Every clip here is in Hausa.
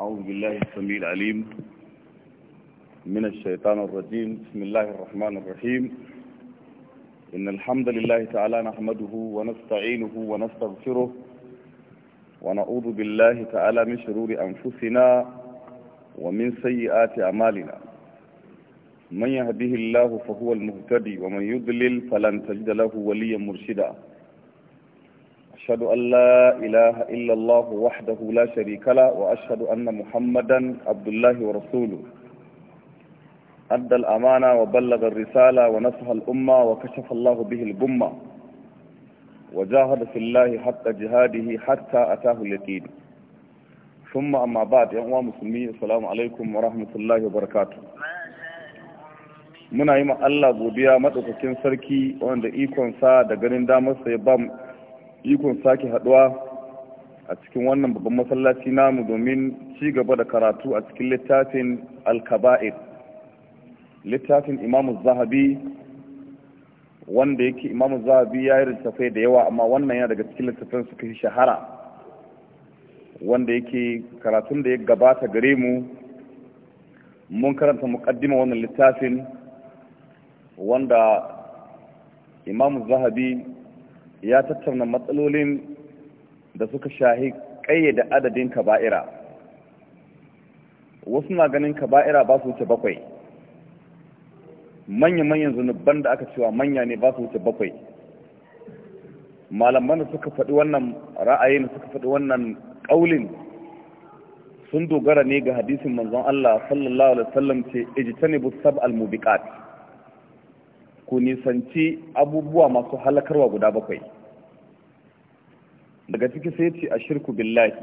أعوذ بالله السميع العليم من الشيطان الرجيم بسم الله الرحمن الرحيم إن الحمد لله تعالى نحمده ونستعينه ونستغفره ونعوذ بالله تعالى من شرور أنفسنا ومن سيئات أعمالنا من يهده الله فهو المهتدي ومن يضلل فلن تجد له وليا مرشدا أشهد أن لا إله إلا الله وحده لا شريك له وأشهد أن محمدا عبد الله ورسوله أدى الأمانة وبلغ الرسالة ونصح الأمة وكشف الله به الغمة وجاهد في الله حتى جهاده حتى أتاه اليقين ثم أما بعد يا أمام مسلمين السلام عليكم ورحمة الله وبركاته muna yi ma Allah godiya madaukakin sarki wanda ikonsa da ganin damarsa ya ba ikon sake haduwa a cikin wannan babban masallaci namu domin ci gaba da karatu a cikin littafin alkaba'ir littafin imamu zahabi wanda yake imamu zahabi ya yi littafai da yawa amma wannan yana daga cikin littafin suka yi shahara wanda yake karatun da ya gabata gare mu mun karanta mukaddima wannan littafin wanda imamu zahabi ya tattauna matsalolin da suka shahi ƙayyade adadin kaba'ira wasu na ganin kaba'ira ba su wuce bakwai manya-manyan zunubban da aka cewa manya ne ba su wuce bakwai Malamman da suka faɗi wannan ra'ayin suka faɗi wannan ƙaulin sun dogara ne ga hadisin manzon Allah sallallahu alaihi wasallam ce bu sab al-mubiqat ku nisanci abubuwa masu halakarwa guda bakwai daga ciki sai ce a shirku billahi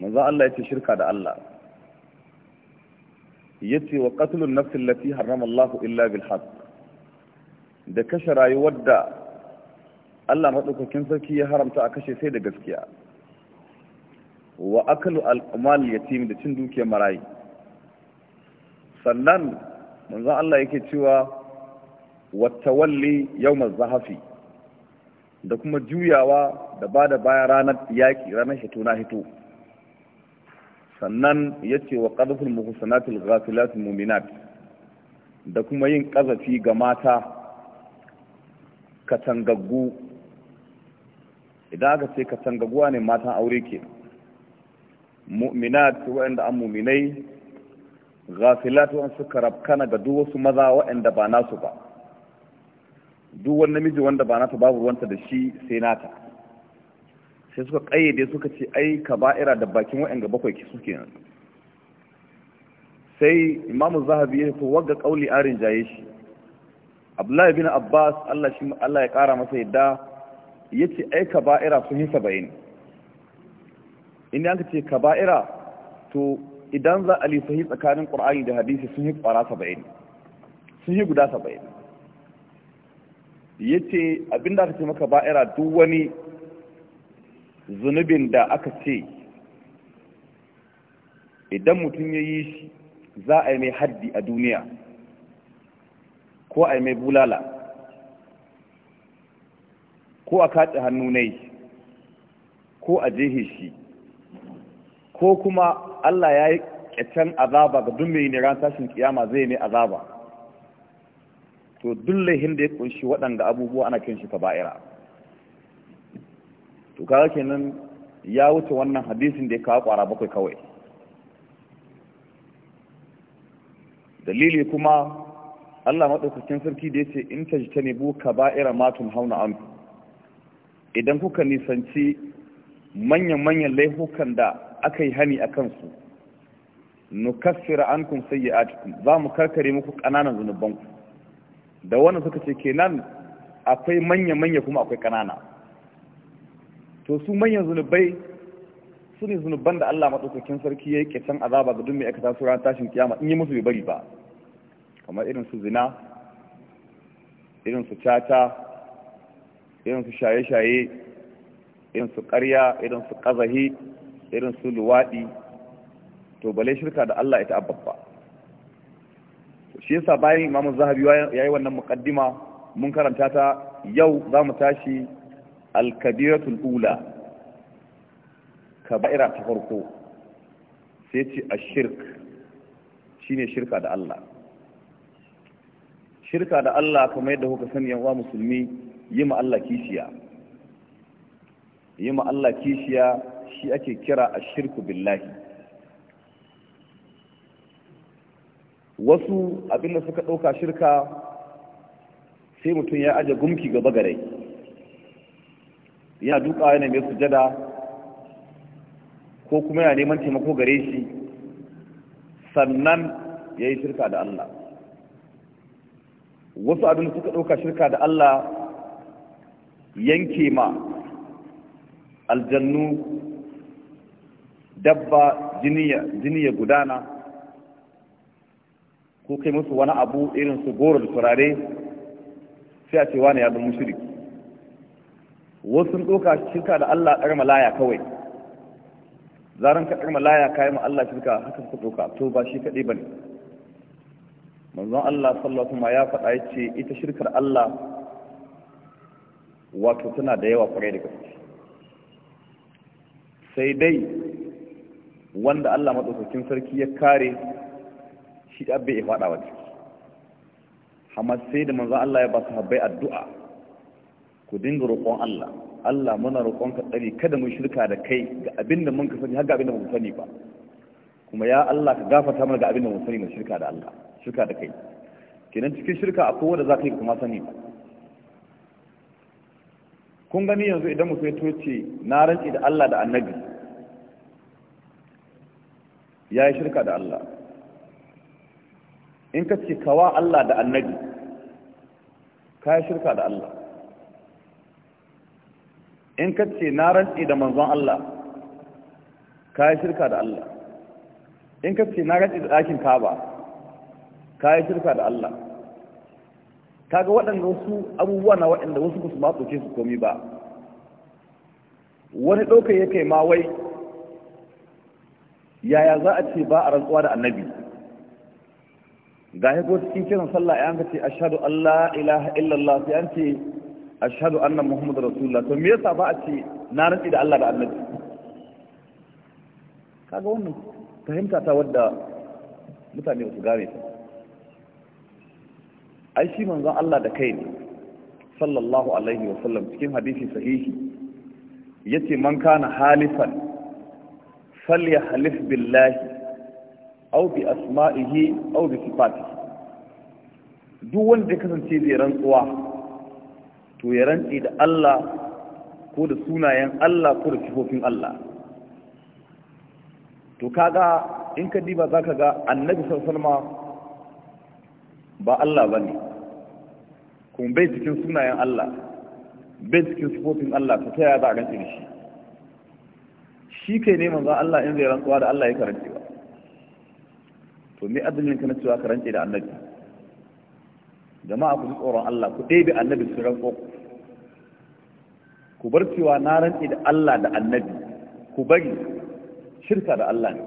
manzo Allah ya ce shirka da Allah ya wa qatlun nafsi allati harrama Allah illa bil haqq da kashe rayuwar da Allah madaukakin sarki ya haramta a kashe sai da gaskiya wa aklu al amal yatim da cin dukiyar marayi sannan manzo Allah yake cewa wattawalli yauma zahafi da kuma juyawa da ba da baya ranar yaƙi ranar hito na hito sannan ya ce wa ƙarfin muhusanatul ghafilatul muminat da kuma yin ƙazafi ga mata katangaggu idan aka ce katangagguwa ne matan aure ke mu'minat waɗanda an muminai ghafilat waɗanda suka rabkana ga duk wasu maza waɗanda ba nasu ba duk wani namiji wanda ba nata babu ruwanta da shi sai nata sai suka kayyade suka ce ai ba'ira da bakin ga bakwai ki suke nan sai imamu zahabi ya ko wagga kauli arin jaye shi abdullahi bin abbas Allah shi Allah ya kara masa yadda ce ai ka ba'ira sun yi yin. inda aka ce ka ba'ira? to idan za a yi tsakanin qur'ani da hadisi sun yi kwara 70 sun yi guda yin. ya ce abinda aka ce maka ba'ira duk wani zunubin da aka ce idan mutum ya yi shi za a yi mai haddi a duniya ko a yi mai bulala ko a kaɗe hannu nai ko a jehe shi ko kuma Allah ya yi ƙyacen azaba ga duk mai ne ran tashin kiyama zai ne azaba to dullahin da ya kunshi waɗanda abubuwa ana kiran shi kaba'ira to kaga kenan ya wuce wannan hadisin da ya kawo ƙwara bakwai kawai dalili kuma Allah maɗaukakin sarki da ya ce in ta ji ta nebu kaba'ira matun hauna an idan kuka nisanci manyan-manyan laifukan da aka yi hani a kansu nukassira an kun sayi za mu karkare muku ƙananan zunubanku da wannan suka ce kenan akwai manya-manya kuma akwai ƙanana to su manyan zunubai su ne zunuban da Allah maɗaukakin sarki ya yi ƙetan azaba ga duk mai aikata su ran tashin kiyama in yi musu bai bari ba kamar irin su zina irin su caca irin su shaye-shaye irin su ƙarya irin su ƙazahi irin su luwaɗi to bale shirka da Allah ita ababba shi yasa bayan imamu zahabi ya yi wannan mukaddima mun karanta ta yau za mu tashi alkabiratul ula kaba'ira ta farko sai ce a shirk shine shirka da Allah shirka da Allah kamar yadda kuka sani yan uwa musulmi yi ma Allah kishiya yi ma Allah kishiya shi ake kira a shirku billahi wasu abinda suka ɗauka shirka sai mutum ya aje gumki gaba gare yana duka yana mai sujada ko kuma yana neman taimako gare shi sannan ya yi shirka da Allah wasu abinda suka ɗauka shirka da Allah yanke ma aljannu dabba jiniya ya gudana ko kai musu wani abu irin su goro da turare sai a ce wani ya zama mushriki wasu doka shirka da Allah karma laya kawai zaran ka karma laya kai ma Allah shirka haka suka doka to ba shi kaɗai bane manzon Allah sallallahu alaihi ya faɗa yace ita shirkar Allah wato tana da yawa kwarai da gaske sai dai wanda Allah madaukakin sarki ya kare shi abbe ya faɗa wa ciki amma sai da manzo Allah ya ba su habbai addu'a ku dinga roƙon Allah Allah muna roƙon ka tsari kada mu shirka da kai ga abin da mun ka sani har ga abin da mun sani ba kuma ya Allah ka gafarta mana ga abin da mun sani na shirka da Allah shirka da kai kenan cikin shirka akwai wanda za ka yi kuma sani ba kun gani yanzu idan mutum ya toce na rantsi da Allah da annabi ya yi shirka da Allah in ka ce kawa Allah da annabi ka yi shirka da Allah in ka ce na rantsi da manzon Allah ka yi shirka da Allah in ka ce na rantsi da ɗakin kaba ka yi shirka da Allah kaga waɗanda wasu abubuwa na waɗanda wasu ba su ba su su komi ba wani ɗaukar ya kai ma wai yaya za a ce ba a rantsuwa da annabi ga ya ko cikin kiran sallah ya ce ashhadu Allah ilaha illallah sai an ce ashhadu anna Muhammadu rasulullah to me yasa ba a ce na rantsi da Allah da annabi kaga wannan fahimta ta wadda mutane su gane ta ai shi manzon Allah da kai ne sallallahu alaihi wa sallam cikin hadisi sahihi yace man kana halifan falyahlif billahi au bi asma'ihi au bi sifati duk wanda ya kasance zai rantsuwa to ya rantsi da Allah ko da sunayen Allah ko da sifofin Allah to kaga in ka diba zaka ga annabi sallallahu ba Allah bane kun bai cikin sunayen Allah bai cikin sifofin Allah ta taya za a rantsi da shi shi kai ne manzo Allah in zai rantsuwa da Allah ya karanta to me azumin ka na cewa ka rantse da annabi jama'a ku ji tsoron Allah ku ɗebe annabi su ranko ku bar cewa na rantse da Allah da annabi ku bari shirka da Allah ne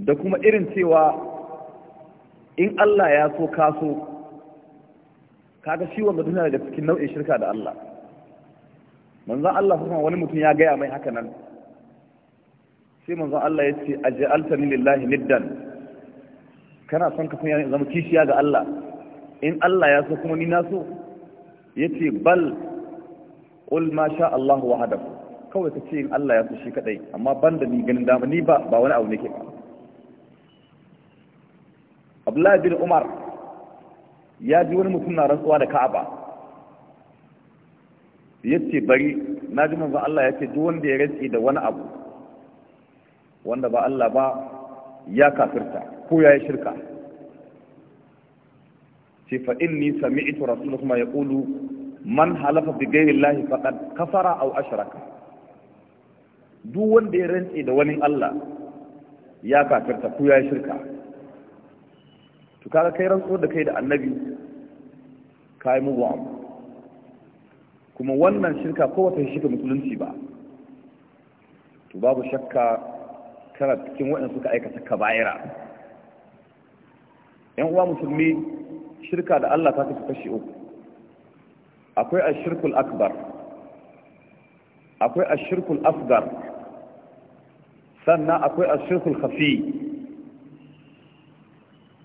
da kuma irin cewa in Allah ya so ka so kaga shi wanda duniya daga cikin nau'in shirka da Allah manzon Allah kuma wani mutum ya gaya mai haka nan sai manzon Allah ya ce aj'altani lillahi niddan kana son ka fanya zama kishiya ga Allah in Allah ya so kuma ni na so yace bal qul ma sha Allah wahdahu kawai ka ce in Allah ya so shi kadai amma banda ni ganin dama ni ba ba wani abu nake ba Abdullah bin Umar ya ji wani mutum na rantsuwa da Ka'aba yace bari na ji manzon Allah yace duk wanda ya rantsi da wani abu wanda ba Allah ba ya kafirta ko ya yi shirka ce fa inni sami'tu rasulullahi ya yaqulu man halafa bi ghairi llahi faqad kafara aw ashraka duk wanda ya rantse da wani Allah ya kafirta ko ya yi shirka to kaga kai rantsuwar da kai da annabi kai mugun abu kuma wannan shirka ko wata shirka musulunci ba to babu shakka tana cikin waɗanda suka aikata kaba'ira yan uwa musulmi shirka da Allah ta kasu kashi uku akwai a shirkul akbar akwai a shirkul afgar sannan akwai a shirkul hafi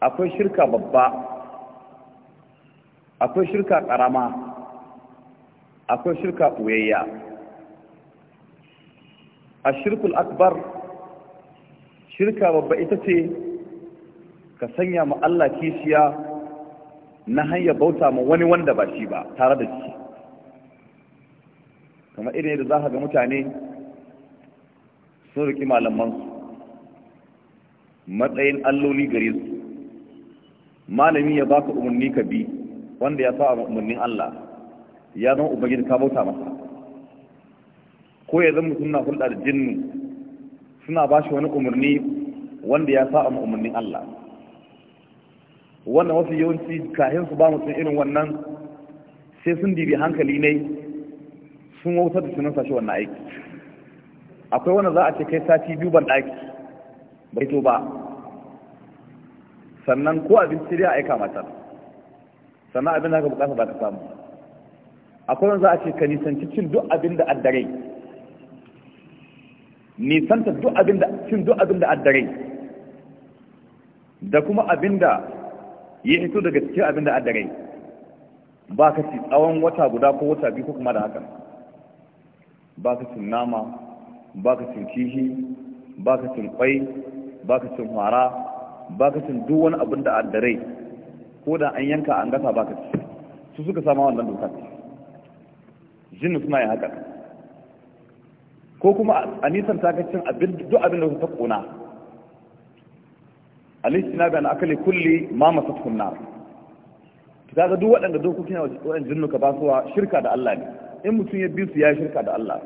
akwai shirka babba akwai shirka ƙarama akwai shirka ɓoyayya ashirkul akbar shirka babba ita ce ka sanya ma Allah kishiya na hanyar bauta ma wani wanda ba shi ba tare da shi kamar irin yadda za ga mutane sun riki malamansu matsayin alloli gare su malami ya baka umarni ka bi wanda ya sa umarnin Allah ya zama ubangiji ka bauta masa ko ya zama mutum na hulɗa da jinnu suna ba shi wani umarni wanda ya sa mu umarnin Allah wannan wasu yawanci kahin su ba mutum irin wannan sai sun dibi hankali ne sun wautar da sunan sashi wannan aiki akwai wanda za a ce kai sati biyu ban ɗaki bai to ba sannan ko abinci a aika mata sannan abin da ka bukata ba ta samu akwai wanda za a ce ka nisanci cin duk abin da addare nisanta duk abin da cin duk abin da addare da kuma abin da ya hito daga cikin abin da addare ba ka ci tsawon wata guda ko wata biyu ko kuma da haka ba ka cin nama ba ka cin kishi ba ka cin kwai ba ka cin hwara ba ka cin duk wani abin da addare ko da an yanka an gasa ba ka ci su suka sama wannan dokar jinnu suna yin haka ko kuma a nisan takacin duk abin da ta kona na bayan akali kulli ma masu kunna ta ga duk waɗanda dokokin waɗanda wajen jinnuka ba suwa shirka da Allah ne in mutum ya bi su ya shirka da Allah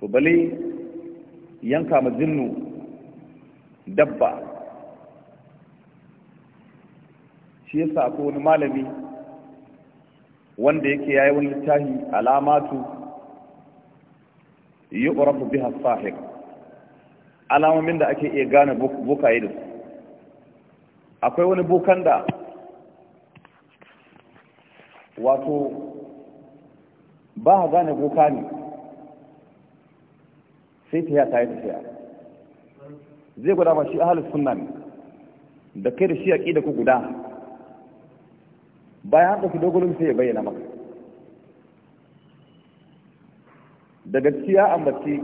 to bale yanka ma jinnu dabba shi yasa ko wani malami wanda yake yayi wani littafi alamatu yi ƙorafu bi sahir alamomin da ake iya gane bukaye da su akwai wani bukan da wato ba a gane buka ne sai ta yi ta yi tafiya zai guda ba shi ahalus sunna ne da kai da shi ƙi da ku guda bayan an ɗauki dogon sai ya bayyana maka da gaskiya mace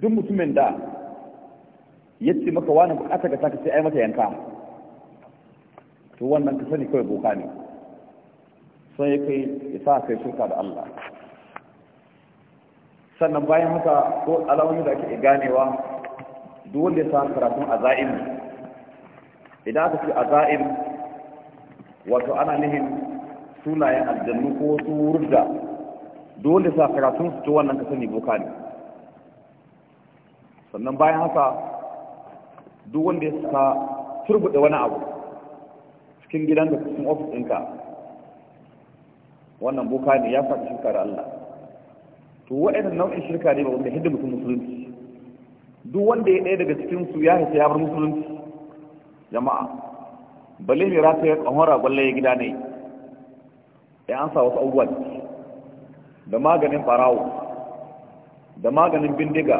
duk mutumin da ya ce maka wani bukata ka taka sai ai mata yanka to wannan ka sani kawai boka ne son ya kai ya sa kai shirka da Allah sannan bayan haka ko alamomi da ake ganewa duk wanda ya sa karatun azaim idan aka ce azaim wato ana nihin sunayen aljannu ko wasu wurda dole sa karatun su to wannan ka sani boka ne sannan bayan haka duk wanda ya saka turbuɗe wani abu cikin gidan da cikin ofis ɗinka wannan boka ne ya faɗi shirka da Allah to waɗannan nau'in shirka ne ba wanda hidda mutum musulunci duk wanda ya ɗaya daga cikin su ya haifi ya bar musulunci jama'a balle mai rata ya ƙahon ragwalle ya gida ne ya ansa wasu abubuwa da maganin farawo da maganin bindiga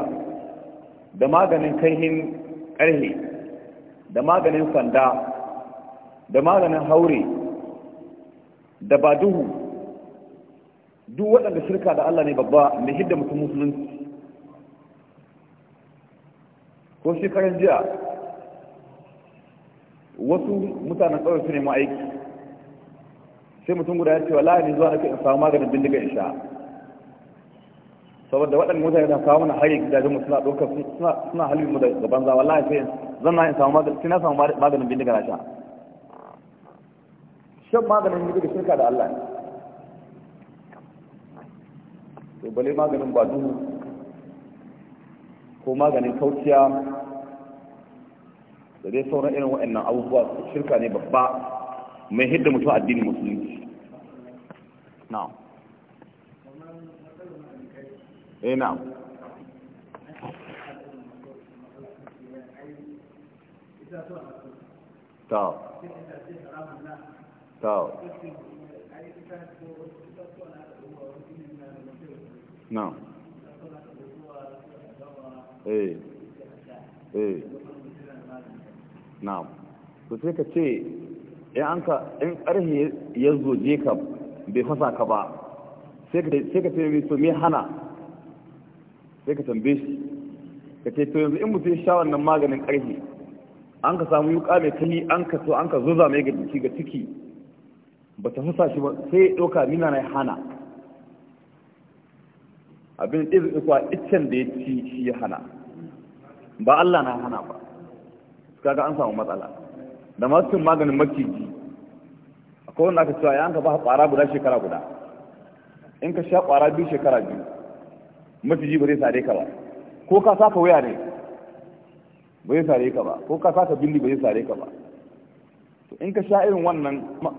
da maganin kaihin ƙarhe da maganin sanda da maganin haure da ba duhu, duk waɗanda shirka da Allah ne babba da hidda mutum musulunci ko shekaran jiya wasu mutanen tsawon su ne ma'aiki sai mutum guda ya ce wa la'ani zuwa nake ke samu maganin bindiga in sha saboda waɗannan mutane da kawo mana hari gidajen mu suna ɗaukar suna halin mu da gaban za wallahi sai zan na in samu maganin sai na samu maganin bindiga na sha shan maganin bindiga shirka da Allah to bale maganin ba duhu ko maganin kauciya da dai sauran irin waɗannan abubuwa shirka ne babba mai hidda mutum addinin musulunci na'am eh to to eh eh sai ka ce in ƙarhe ya zoje ka bai fasa ka ba sai ka ce mai hana sai ka tambaye shi ka ce to yanzu in mutum sha wannan maganin ƙarfi an ka samu yuka mai tani an ka so an ka zuza mai ga jiki ga ciki ba ta fasa shi ba sai ya ɗauka mina na hana abin da ɗin kwa iccen da ya ci shi ya hana ba Allah na hana ba ga an samu matsala da masu cin maganin maciji akwai wanda aka cewa ya an ka ba ƙwara guda shekara guda in ka sha ƙwara biyu shekara biyu maciji ba zai sare ka ba ko ka saka waya ne ba zai sare ka ba ko ka saka bindi ba zai sare ka ba to in ka sha irin wannan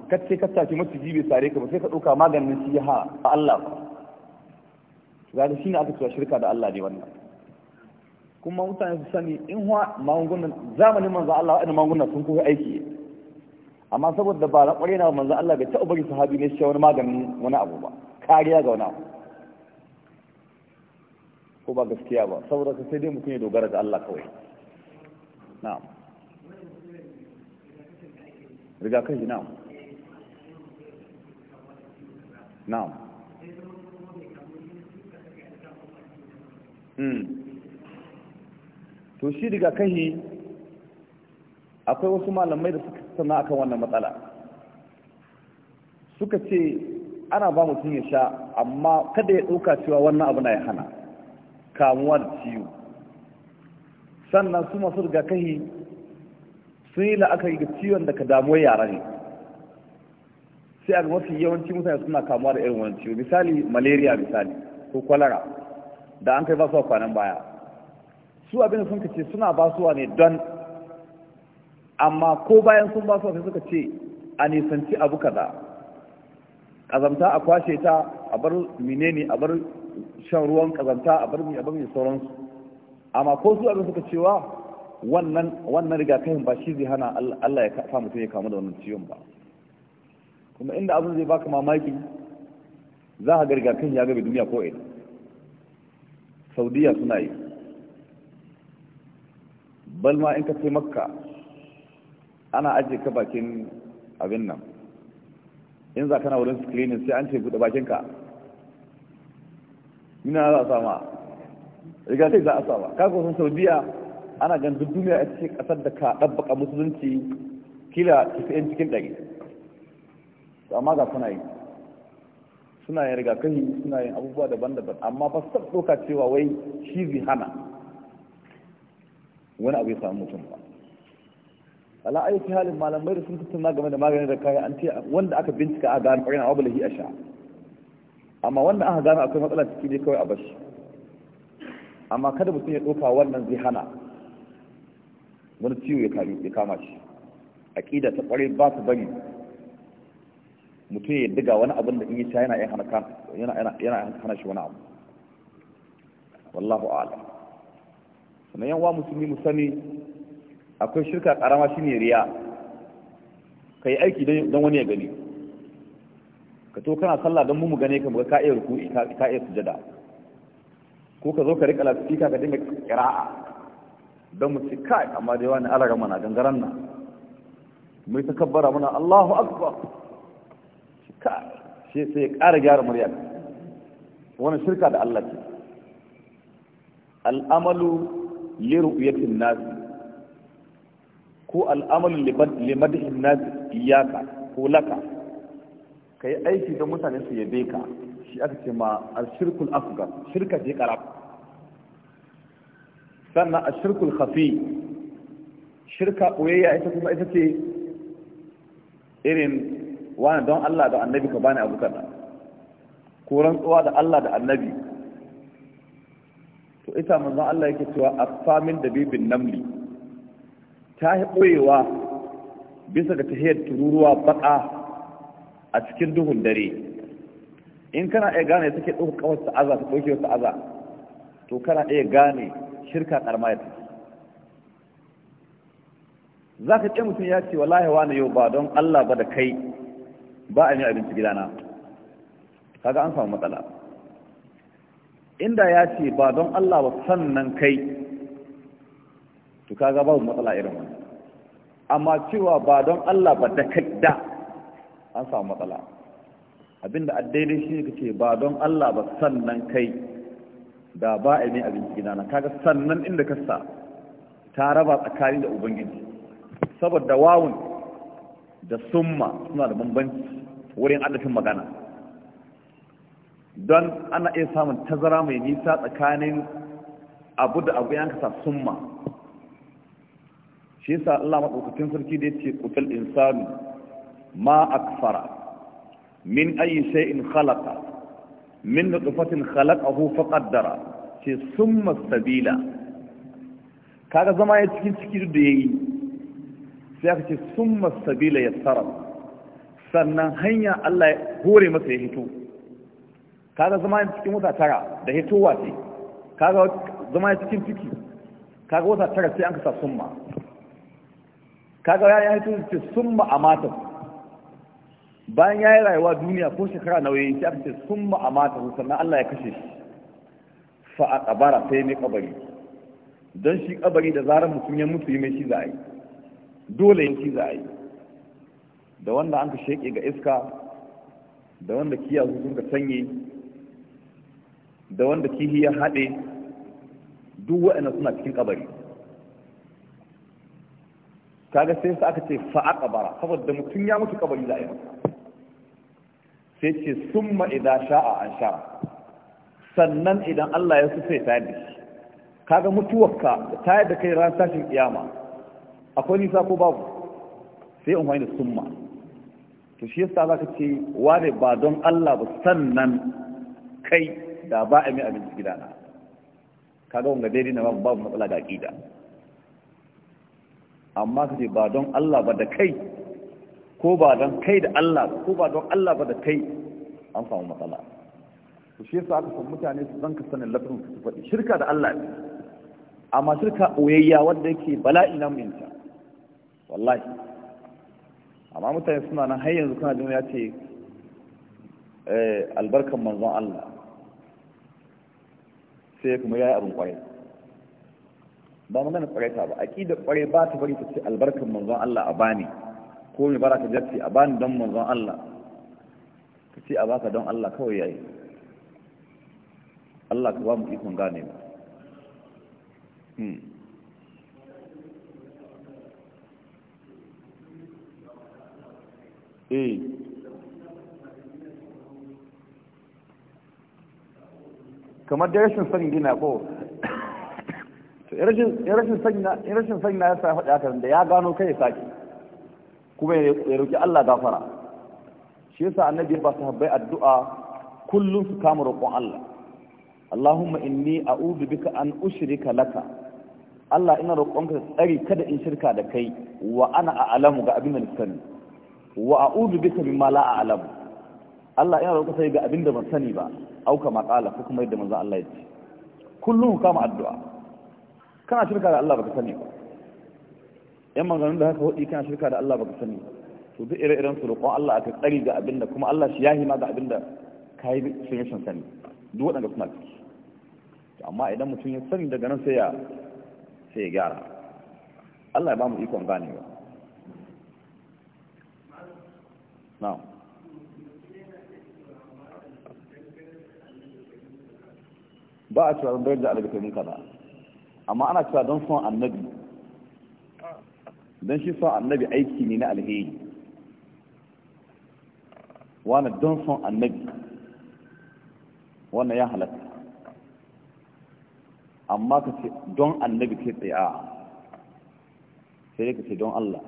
kace ce ki tafi maciji bai sare ka ba sai ka ɗauka maganin shi ha a Allah ba shi ne aka cewa shirka da Allah ne wannan kuma mutane su sani in wa magungunan zamanin manzo Allah wa'annan magungunan sun koyi aiki amma saboda ba na ƙware na manzo Allah bai taɓa bari sahabi ne shi wani maganin wani abu ba kariya ga wani abu ko ba gaskiya ba saboda ka sai dai mutum ya dogara ga Allah kawai na'am rigakafi na'am na'am hmm. to shi rigakafi akwai wasu malamai da suka sana akan wannan matsala suka ce ana ba mutum ya sha amma kada ya ɗauka cewa wannan abu na ya hana kamuwa da ciwo sannan su masu rigakahi sun yi la'akari ga ciwon da ka damuwar yara ne sai a mafi yawanci mutane suna kamuwa da irin wani ciwo misali malaria misali ko kwalara da an kai ba su kwanan baya su abin sun ka ce suna basuwa ne don amma ko bayan sun basuwa sai suka ce a nisanci abu kaza azamta a kwashe ta a bar menene a bar shan ruwan kazanta a birni a barmi sauransu amma ko su abin suka cewa wannan wannan rigakafin ba shi zai hana Allah ya sa mutum ya kamu da wannan ciwon ba kuma inda abin zai baka mamaki za ka ga rigakafin ya gabe duniya ko ina saudiya suna yi balma in ka ce makka ana ajiye ka bakin abin nan in za kana wurin screening sai an ce buɗe bakinka ina za a sama riga sai za a sama kaka sun saudiya ana gan duk duniya a cikin kasar da ka ɗabbaka musulunci kila yan cikin ɗari amma ga suna yi suna yin rigakafi suna yin abubuwa daban-daban amma ba su ɗauka cewa wai shi zai hana wani abu ya samu mutum ba ala ayyuki halin malamai da sun tattauna game da maganin da kai an ce wanda aka bincika a gano ƙwarin abu lahi a sha amma wannan aka gano akwai matsala ciki ne kawai a bashi amma kada mutum ya ɗauka wannan zai hana wani ciwo ya ya kama shi aƙida ta ƙwarai ba su bari mutum ya diga wani abin da in yi sha yana yana hana shi wani abu wallahu ala sannan yan wa musulmi mu sani akwai shirka shi shine riya kai aiki don wani ya gani ka to kana sallah don mu gane ka muga ka iya ruku ka iya sujada ko ka zo ka rika lafika ka dinga qira'a don mu ci kai amma dai wani alaga mana gangaran nan mai takabbara muna Allahu akbar kai sai sai ƙara gyara murya wannan shirka da Allah ce al'amalu li ru'yatin nas ko al'amalu li madhin nas iyyaka ko laka ka yi aiki don mutane su yabe ka shi aka ce ma shirkul afgan shirka ce karab sannan shirkul khafi shirka ɓoyayya ita kuma ita ce irin wani don Allah da annabi ka bani abu kaza ko rantsuwa da Allah da annabi to ita manzo Allah yake cewa afamin bibin namli ta yi ɓoyewa bisa ga tahiyar tururuwa baka a cikin duhun dare in kana iya gane take ɗauka kawar ta'aza ta ɗauke wata aza to kana iya gane shirka ƙarma ya tafi za ka ce mutum ya ce wallahi wani yau ba don Allah ba da kai ba a yi abinci gidana kaga an samu matsala inda ya ce ba don Allah ba sannan kai to kaga babu matsala irin wani amma cewa ba don Allah ba da kai da an samu matsala abinda a daidai shi ka ce ba don Allah ba sannan kai da ba a ne abinci gidana kaga sannan inda ka sa ta raba tsakani da ubangiji saboda wawun da summa suna da bambanci wurin adafin magana don ana iya samun tazara mai nisa tsakanin abu da abu yanka sa summa shi yasa Allah madaukakin sarki da yace kutal insanu ma akfara min ayi shay'in khalaqa min nutfatin khalaqahu faqaddara ce summa sabila kaga zama ya cikin ciki da yayi sai aka ce summa sabila yassara sannan hanya Allah ya hore masa ya hito kaga zama ya cikin wata tara da hitowa ce kaga zama ya cikin ciki kaga wata tara sai an kasa summa kaga ya hito ce summa amata bayan ya yi rayuwa duniya ko shekara na yayi sai aka ce sun ma'amata sannan Allah ya kashe shi fa a kabara sai mai kabari don shi kabari da zarar mutum ya mutu yi mai shi za a yi dole yin shi za a yi da wanda an ka sheke ga iska da wanda kiyasu sun ka sanye da wanda kihi ya haɗe duk wa'ina suna cikin kabari kaga sai sa aka ce fa'a kabara saboda mutum ya mutu kabari za a yi sai ce summa idan sha'a an sha'a sannan idan Allah ya so sai ta yi kaga mutuwarka ta yi da kai ran tashin kiyama akwai nisa ko babu sai amfani da summa to shi yasa ka ce ware ba don Allah ba sannan kai da ba a mai abinci gidana kaga wanga daidai na babu babu matsala ga aƙida amma ka ce ba don Allah ba da kai ko ba don kai da Allah ko ba don Allah ba da kai an samu matsala to shi yasa aka san mutane su zanka sanin lafazin su faɗi shirka da Allah ne amma shirka oyayya wanda yake bala'i na minta wallahi amma mutane suna nan har yanzu kana jin ya ce eh, albarkan manzon Allah sai kuma yayi abin kwaye ba magana kwarai ta ba aqidar kwarai ba ta bari ta ce albarkan manzon Allah a bani ko mai ka jatti a bani don manzon Allah ka ce a baka don Allah kawai yayi Allah ka ba mu ikon gane ba hmm. eh kamar da rashin sani gina ko rashin na ya sa faɗi haka da ya gano kai ya sake kuma ya roƙi Allah gafara shi yasa annabi ba ba habbai addu'a kullum su kama roƙon Allah Allahumma inni a'udhu bika an ushrika laka Allah ina roƙonka tsari kada in shirka da kai wa ana a'lamu ga abin da sani wa a'udhu bika mimma la a'lamu Allah ina roƙonka sai ga abin da ban sani ba au kama qala ko kuma yadda manzo Allah ya ce kullum kama addu'a kana shirka da Allah baka sani ba yan maganganun da haka hudu kana shirka da Allah baka sani to duk ire-iren su roƙon Allah aka tsari ga abin da kuma Allah shi yahi ma ga abin da kai sun rashin sani duk waɗanda suna ciki amma idan mutum ya sani daga nan sai ya sai ya gyara Allah ya ba mu ikon ganewa na'am ba a cewa don da albarkar kaza amma ana cewa don son annabi don shi son annabi aiki ne na alheri wani don son annabi wannan ya halatta amma ka ce don annabi ke tsaya sai ka ce don Allah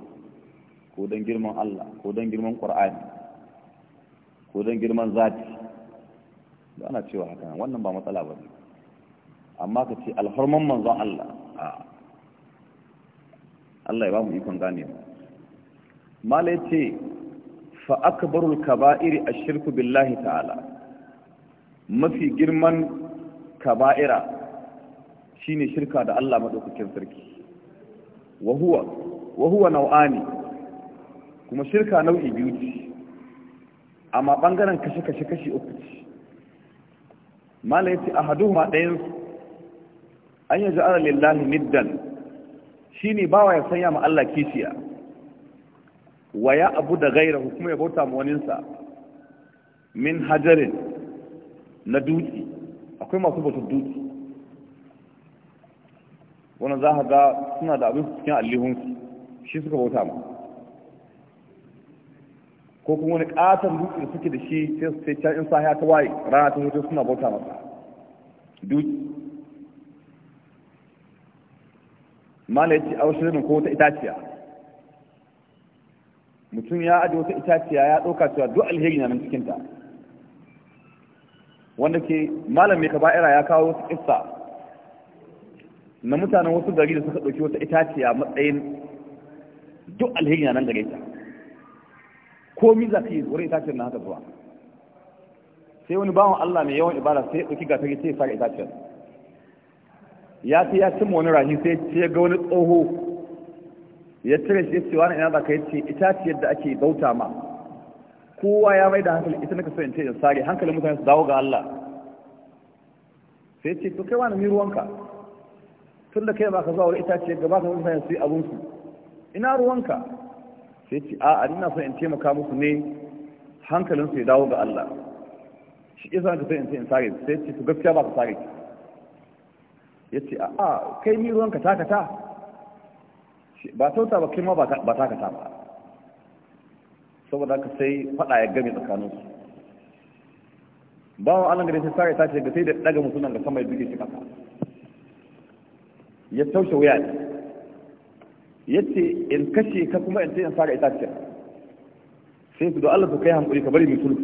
ko don girman Allah ko don girman ƙwar'ani ko don girman zati da ana cewa haka wannan ba matsala ba amma ka ce alhorman manzon Allah a. Allah ya ba mu ikon gane mu mala yace fa akbarul kaba'iri ashirku billahi ta'ala mafi girman kaba'ira shine shirka da Allah madaukakin sarki wa huwa wa huwa nau'ani kuma shirka nau'i biyu ce amma bangaren kashe kashe kashi uku ce mala yace ahaduhuma ɗayan an yaj'ala lillahi niddan ba bawa ya sanya ma Allah kishiya wa ya abu da gaira kuma ya bauta ma waninsa min hajarin na dutse akwai masu bautar dutse wannan za a ga suna da abin cikin allihunsu shi suka bauta ma ko kuma wani katon dutse da suke da shi sai can in sahiya ta waye rana ta hoto suna bauta masa dutse mala a aw shirin ko wata itaciya mutum ya aji wata itaciya ya ɗauka cewa duk alheri na nan cikinta wanda ke malam mai kaba'ira ya kawo wasu kissa na mutanen wasu gari da suka ɗauki wata itaciya matsayin duk alheri na nan gare ta mi za ka yi wani itaciyar na haka zuwa sai wani bawan Allah mai yawan ibada sai ya dauki gatari sai ya fara itaciyar ya fi ya cimma wani rahi sai ya ga wani tsoho ya cire shi ya na ina za ka ita ce yadda ake bauta ma kowa ya mai da hankali ita naka so in ce in sare hankalin mutane su dawo ga Allah sai ce to kai wani mi ruwanka tun da kai ba ka zuwa wani itaciyar gaba ka mutane su yi su ina ruwanka sai ce a'a ina so in taimaka musu ne hankalin su ya dawo ga Allah shi isa ka so in ce in sare sai ce to gaskiya ba ka sare ki ya ce a kai ni ruwanka takata ba sauta ba kai ma ba takata ba saboda ka sai faɗa ya game tsakaninsu bawan allah gari sai sare ta ce ga sai da daga mutunan ga sama ya duke shi kasa ya taushe wuya ne ya ce in kashe ka kuma in ce in sare ita ce sai su da allah su kai hankuri ka bari mai sulhu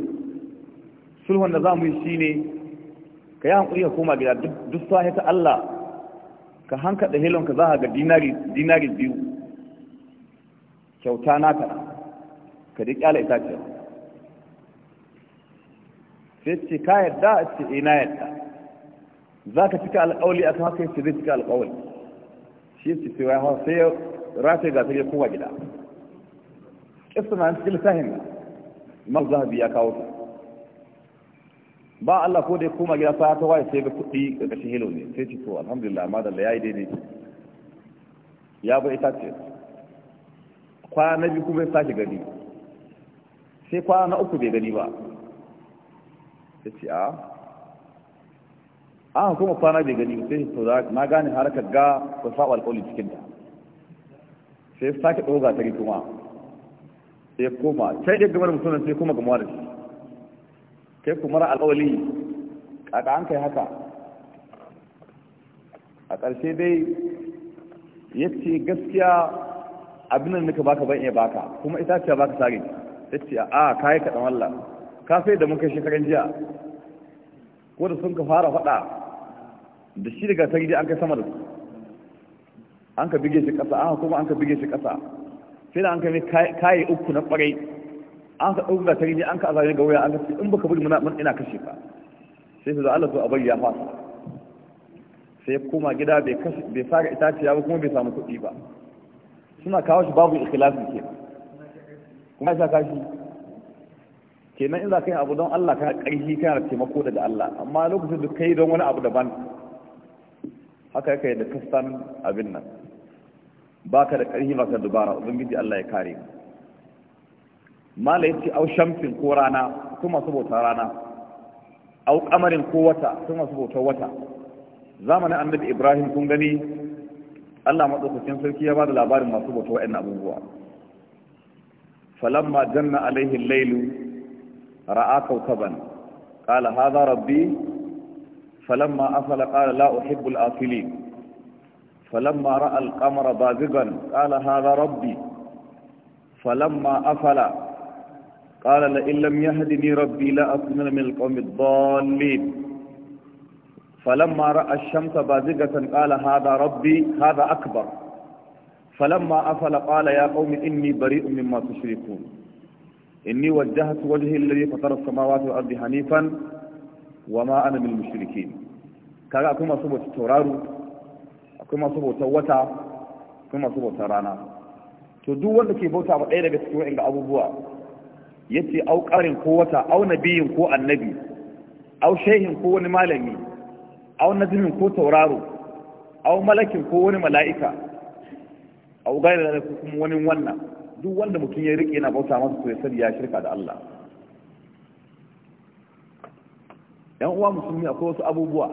sulhun da za mu yi shi ne ka yi hankuri ka koma gida duk sahi ta allah ka hanka da helon ka za ga dinari biyu kyauta naka ka dai kyala itaciyar sai ce ka yadda a ce ina eh, yadda za ka cika alƙawali a kan haka yace zai cika alƙawali shi yace sai ya hawa sai ya rafe ga sai ya kowa gida kisa na cikin lissafin ma a biya kawo ta ba Allah ko da ya koma gida sa ta waye sai ga kuɗi ƙarƙashin hilo ne sai ce to alhamdulillah amma da la yayi daidai ya bai ta ce kwana biyu kuma ya sake gani sai kwana uku bai gani ba ta ce a a kuma kwana bai gani sai to na gane harkar ga ku saba alƙawli cikin ta sai sake ɗoga ta kuma sai koma sai ɗaya gamar mutumin sai kuma gamuwa da shi kai ku mara alƙawali kaka an kai haka a ƙarshe dai ya ce gaskiya abin da nika baka ban iya baka kuma ita ce baka sare ta ce a ka yi kaɗan wallah ka sai da muka shekaran jiya ko da sun ka fara faɗa da shi daga ta gidi an kai sama da su an ka bige shi ƙasa an kuma an ka bige shi ƙasa sai da an kai kayi uku na ƙwarai an ka ɗauki zakari ne an ka azare ga wuya an ka in baka bari muna ina kashe ka sai su da Allah zo a bari ya fasa sai koma gida bai kashe bai saka itaciya ba kuma bai samu kuɗi ba suna kawo shi babu ikhlasi ke kuma ya saka shi kenan in za ka yi abu don Allah ka ƙarfi kana taimako daga Allah amma lokacin da kai don wani abu daban haka yake da kasan abin nan baka da ƙarfi baka da dubara ubangiji Allah ya kare ka mala yace au shamsin ko rana su masu bautar rana au kamarin ko wata su masu bautar wata zamanin annabi ibrahim kun gani Allah madaukakin sarki ya ba da labarin masu bautar wa'annan abubuwa falamma janna alaihi al-lailu ra'a kawkaban qala hadha rabbi falamma afala qala la uhibbu al-afilin فلما رأى القمر بازغا قال هذا ربي فلما أفل قال لئن لم يهدني ربي لأكونن من القوم الضالين فلما رأى الشمس بازغة قال هذا ربي هذا أكبر فلما أفل قال يا قوم إني بريء مما تشركون إني وجهت وجهي الذي فطر السماوات والأرض حنيفا وما أنا من المشركين كذا أكما صبوت تورارو أكما صبوت توتا أكما صبوت ترانا تدو وانك بوتا بأي لك تسوئن أبو بوا yace au qarin ko wata au nabiyin ko annabi au shehin ko wani malami au nazimin ko tauraro au malakin ko wani mala'ika au gaira da kuma wani wannan duk wanda mutum ya rike yana bauta masa to ya sani ya shirka da Allah yan uwa musulmi akwai wasu abubuwa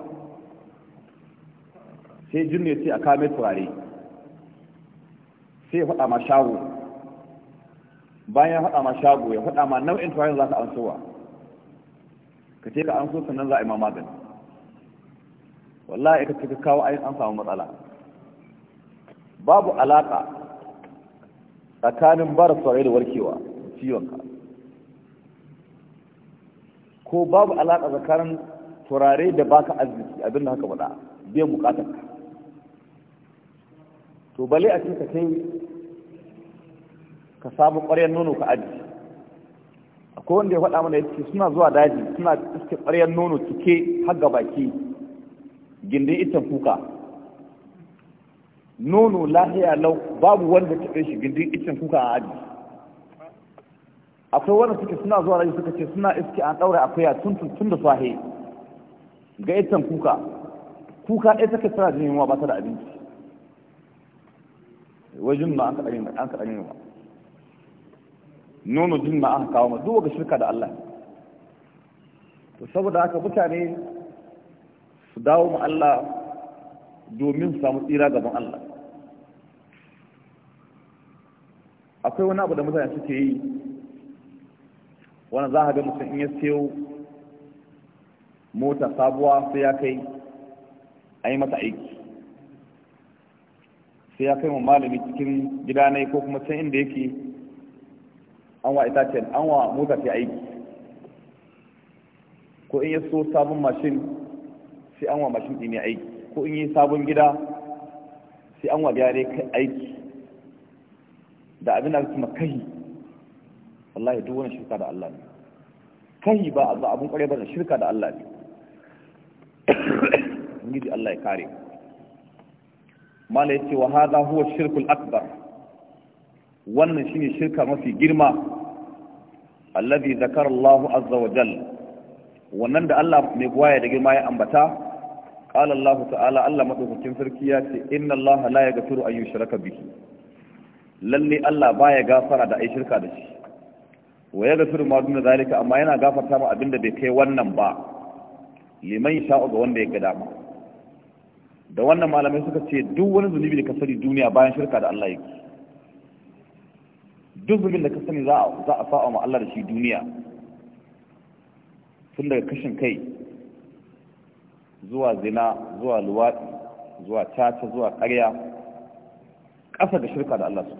sai jinne sai a kame turare sai ya faɗa ma shago bayan ya faɗa ma shago ya faɗa ma nau'in tawayin za ka an sowa ka ce ka an so sannan za a yi ma magani wallahi ka ce ka kawo ayin an samu matsala babu alaƙa tsakanin bara saurayi da warkewa ciwonka ko babu alaƙa tsakanin turare da baka arziki abin da haka faɗa biyan bukatar to bale a ce ka kai ka samu ƙwaryar nono ka aji akwai wanda ya faɗa mana ya ce suna zuwa daji suna iske ƙwaryar nono cike har ga baki gindin itan kuka nono lahiya lau babu wanda ta kai shi gindin itan kuka a aji akwai wanda suke suna zuwa daji suka ce suna iske an ɗaura akuya tun tun da sahe ga itan kuka kuka ɗaya take tana jin yunwa ba ta da abinci wajen ma an kaɗa ba nono din ma aka kawo mu duk shirka da Allah to saboda haka mutane su dawo mu Allah domin samu tsira gaban Allah akwai wani abu da mutane suke yi wani za a ga mutum in ya siyo mota sabuwa sai ya kai a yi mata aiki sai ya kai mu malami cikin gida ne ko kuma can inda yake an wa itacen an wa mota ta aiki ko in yi so sabon mashin sai an wa mashin ɗin ya aiki ko in yi sabon gida sai an wa gyare aiki da abin da su kuma kahi wallahi duk wani shirka da Allah ne kahi ba a abun kwarai ba da shirka da Allah ne ngiji Allah ya kare mala yace wa hadha huwa shirkul akbar wannan shine shirka mafi girma alladhi zakara Allahu azza wa jalla wannan da Allah mai gwaya da girma ya ambata qala Allahu ta'ala Allah madaukakin sarki ya ce inna Allah la yaghfiru an yushraka bihi lalle Allah baya gafara da ai shirka da shi wa yaghfiru ma duna zalika amma yana gafarta ma abinda bai kai wannan ba liman sha'u ga wanda ya ga dama da wannan malamai suka ce duk wani zunubi da ka sani duniya bayan shirka da Allah yake duk zubin da ka sani za a fa'a ma Allah da shi duniya tun daga kashin kai zuwa zina zuwa luwaɗi zuwa caca zuwa ƙarya ƙasa ga shirka da Allah su.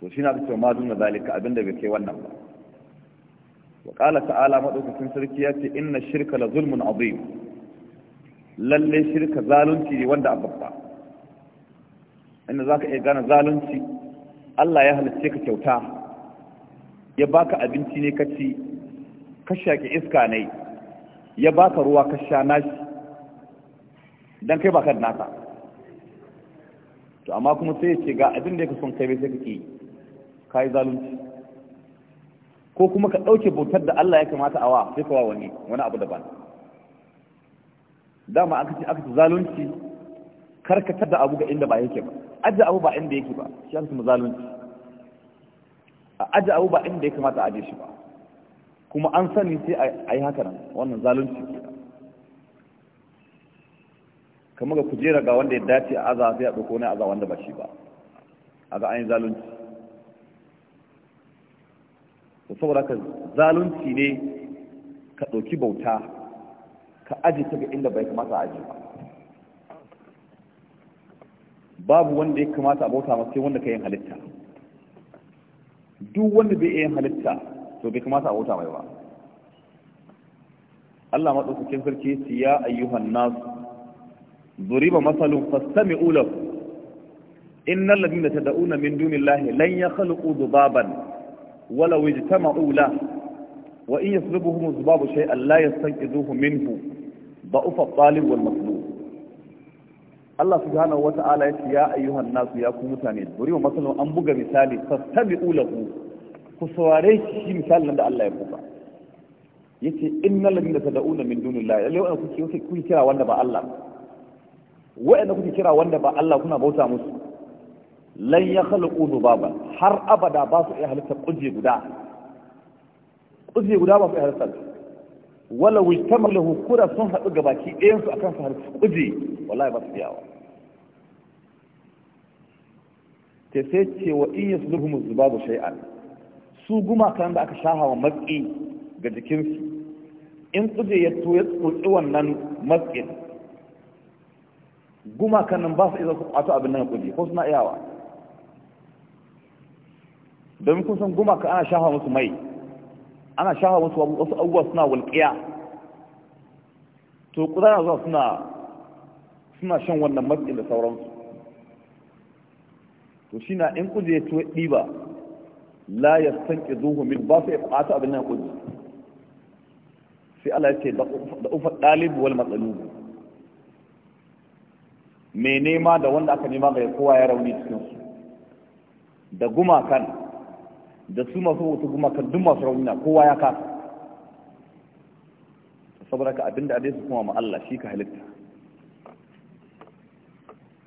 to shi na cewa ma duna zalika abinda bai kai wannan ba wa ƙala ta'ala maɗaukacin sarki ya ce inna shirka la zulmun azim lalle shirka zalunci ne wanda a babba inda za ka iya gane zalunci Allah ya halicce ka kyauta ya baka abinci ne ka ci ka shaƙi iska ne ya baka ruwa ka sha nashi dan kai baka da naka to amma kuma sai ya ce ga abin da yake son kai bai sai kake kai zalunci ko kuma ka ɗauke bautar da Allah ya kamata a wa sai ka wa wani wani abu daban dama aka ce aka zalunci karkatar da abu ga inda ba yake ba ajiye abu ba inda yake ba shi an mu zalunci a ajiye abu ba inda ya kamata a ajiye shi ba kuma an sani sai a yi haka nan wannan zalunci ke kamar ga kujera ga wanda ya dace a aza sai a ɗauko na aza wanda ba shi ba a ga an yi zalunci da saboda ka zalunci ne ka ɗauki bauta ka aje ta ga inda bai kamata a ba babu wanda ya kamata a bauta masa sai wanda ka yin halitta duk wanda bai yin halitta to bai kamata a bauta mai ba Allah ma madaukakin sarki ya ce ya ayyuhan nas duriba masalun fastami'u lahu da ta dauna min dunillahi lan ya yakhluqu dubaban ولو اجتمعوا له وإن يسلبهم الذباب شيئا لا يستنقذوه منه ضعف الطالب والمطلوب Allah subhanahu wata'ala ya ce ya ayyuhan nasu ya ku mutane bari wa masalan an buga misali fastabi'u lahu ku saurare shi misalin da Allah ya buga yace innal ladina tad'una min dunillahi lalle wanda kuke kuke kira wanda ba Allah wanda kuke kira wanda ba Allah kuna bauta musu lan yakhluqu dhubaba har abada ba su iya halitta kuje guda kuje guda ba su iya halitta wala wujtamalahu kura sun haɗu gabaki ɗayan su akan su harfi kuje wallahi ba su yawa ta sai ce wa in musu babu shay'an su gumakan da aka shaha wa matsi ga jikinsu in kuje ya to ya tsotsi wannan matsin gumakan nan ba su iya su kwato abin nan kuje ko suna iyawa domin kun san gumaka ana shafa musu mai ana shafa musu wasu abubuwa suna walƙiya to kudana zuwa suna suna shan wannan matsin da sauransu to shi na in kuje ya tuwa ɗiba la ya san ki zuhu min ba su ya ɓata abin nan kuje sai Allah ya ce da ufa ɗalibu wal matsalu mai nema da wanda aka nema ga kowa ya rauni cikinsu da gumakan da su masu wata gumakan duk masu rauni na kowa ya kasa saboda ka abinda a su kuma ma Allah shi ka halitta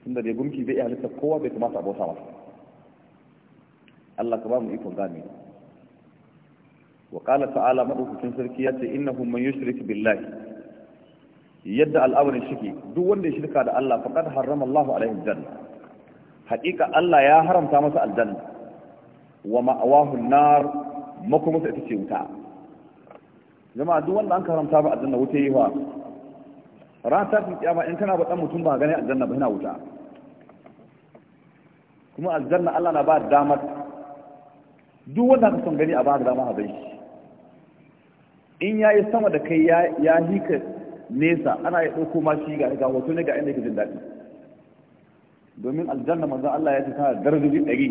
tunda dai zai bai halitta kowa bai kamata a bauta masa Allah ka ba mu ikon gane wa qala ta'ala madaukakin sarki ya ce innahu man yushrik billahi yadda al'amarin shike duk wanda ya shirka da Allah faqad harrama Allahu alaihi janna haqiqa Allah ya haramta masa aljanna wa ma'awahu an-nar makomasa ita ce wuta jama'a duk wanda an haramta ba aljanna wuta yi wa ran tashin kiyama in kana ba dan mutum ba gane aljanna ba yana wuta kuma aljanna Allah na ba damar duk wanda ka son gani a bada da dama a bai shi in ya yi sama da kai ya hika nesa ana ya ɗauko ma shi ga ga hoto ne ga inda ke jin daɗi domin aljanna manzon Allah ya ce ta darajoji ɗari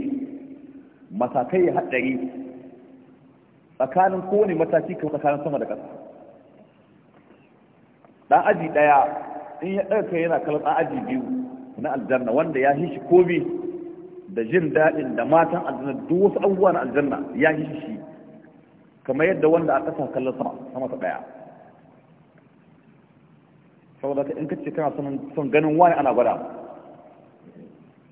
matakai har ɗari tsakanin kowane mataki kuma tsakanin sama da ƙasa ɗan aji ɗaya in ya ɗaga kai yana kalan ɗan aji biyu na aljanna wanda ya hishi komi da jin daɗin da matan aljanna duk wasu abubuwa na aljanna ya yi shi kamar yadda wanda a ƙasa kallon sama sama ta ɗaya saboda ka in kace kana son ganin wani ana gwada ma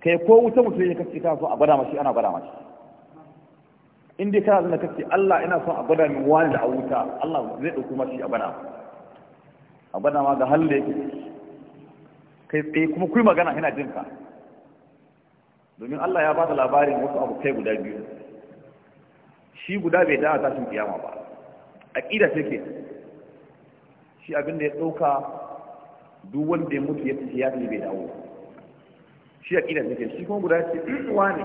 kai ko wuta mutum ya kace kana so a gwada mashi ana gwada mashi in dai kana zana kace Allah ina son a gwada min wani da a wuta Allah zai dauko mashi a gwada a gwada ma ga halle kai tsaye kuma kuyi magana yana jin ka domin Allah ya ba ta labarin wasu abokai guda biyu shi guda bai da'a tashin kiyama ba aƙida take shi abin da ya ɗauka duk wanda ya mutu ya fi ya fi bai dawo shi aƙida take shi kuma guda ce uwa mm, ne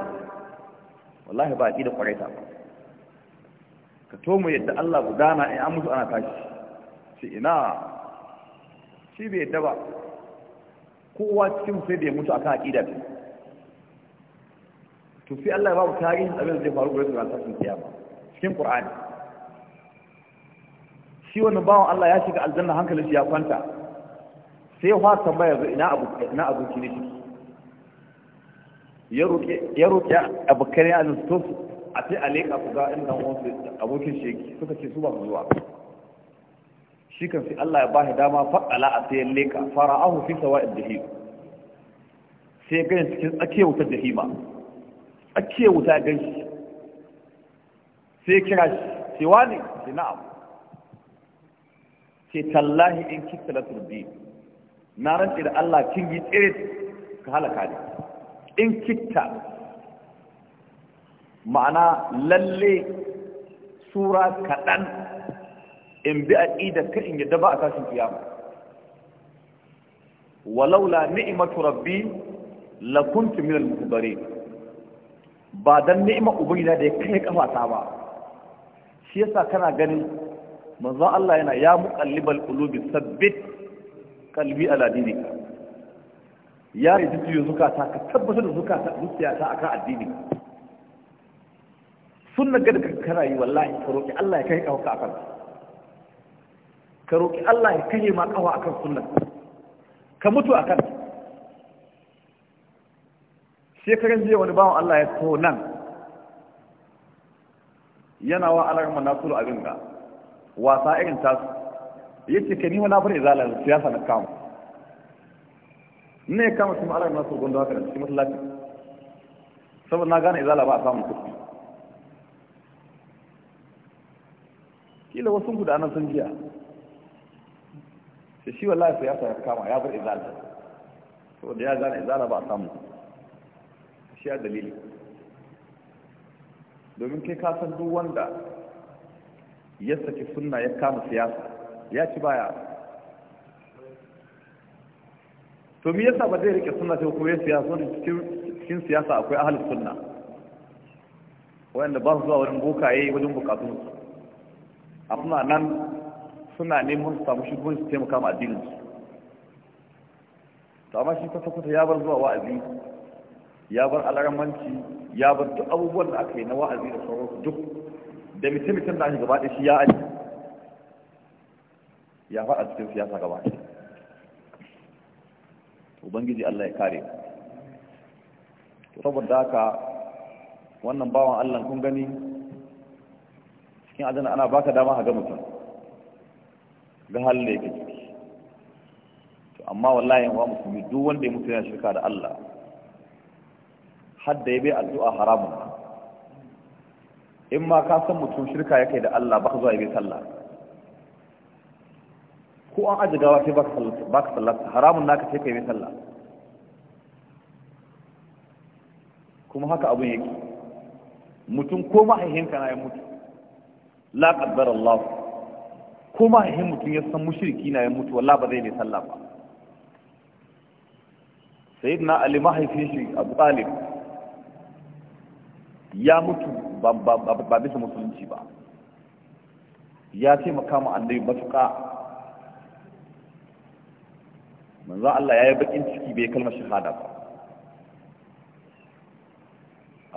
wallahi ba aƙida ta ba ka to mu yadda Allah guda na in an mutu ana tashi shi ina shi bai yadda ba kowa cikin sai da ya mutu akan aƙida ce to sai Allah ya ba mu tarihin abin da zai faru gurin da tashin kiyama cikin Qur'ani shi wannan bawan Allah ya shiga aljanna hankalin shi ya kwanta sai ya fara tambaya ga ina abu ina aboki ne ya roke ya roke abokan ya azan to a sai a leƙa ku ga inda wasu abokin sheki. suka ce su ba su zuwa shi kan sai Allah ya ba shi dama fa'ala a sai ya leka fara'ahu fi sawa'id jahim sai ya gani cikin tsakiyar wutar jahima tsakiyar wuta gan shi sai kira shi ce wani ce na'am ce tallahi in kisa na turbi na rantsi da Allah kin yi tsere ka halaka ne in kitta ma'ana lalle sura kaɗan in bi aƙida ka in yadda ba a tashin kiyama walaula ni'imatu rabbi lakuntu minal muhdarin ba don ni'ima ubangiji da ya kai kafata ba shi yasa kana ganin manzon Allah yana ya muqallibal qulubi sabbit qalbi ala dinika ya yi zuciyo zukata ka tabbatar da zukata ta akan addini sunna ga da kana yi wallahi ka roki Allah ya kai kafaka akan ka roki Allah ya kai ma kafa akan sunna ka mutu akan shekarun jiya wani bawan Allah ya taho nan yana wa alarma na tulu abin ga wasa irin tasu ya ce ka nima na bar izala siyasa na kama ne ya kama su ma'alar na tulu gondo haka da cikin masallaci saboda na gane izala ba a samun kuɗi kila wasu guda nan sun jiya sai shi wallahi siyasa ya kama ya bar izala saboda ya gane izala ba a samun kuɗi shi ya dalili domin kai ka san duk wanda ya saki suna ya kama siyasa ya ci baya to mi yasa ba zai rike suna sai kuma ya siyasa wanda cikin siyasa akwai ahalin suna wanda ba su zuwa wurin bokaye wajen bukatun su amma nan suna neman su samu shigo su taimaka ma addinin su to amma shi ta kwata ya bar zuwa wa'azi ya bar alaramanci ya bar duk abubuwan da aka yi na wa'azi da sauran duk da mutum-mutum da ake gaba da shi ya aji ya faɗa cikin siyasa gaba shi ubangiji Allah ya kare saboda haka wannan bawan Allah kun gani cikin adana ana baka dama ga mutum ga halin da ciki to amma wallahi wa musulmi duk wanda ya mutu yana shirka da Allah hadda ya bai addu'a haramun in ma ka san mutum shirka ya da Allah ba ka zuwa ya bai sallah ko an aji gawa sai ka sallah haramun naka sai ka yi sallah kuma haka abin yake mutum ko mahaihinka na ya mutu la qaddar Allah ko mahaihin mutum ya san mushriki na ya mutu wallahi ba zai bai sallah ba sayyidina ali mahaifin shi abu talib ya mutu ba bisa musulunci ba ya taimaka ma annabi matuƙa manzo Allah yayi bakin ciki bai kalmar shahada ba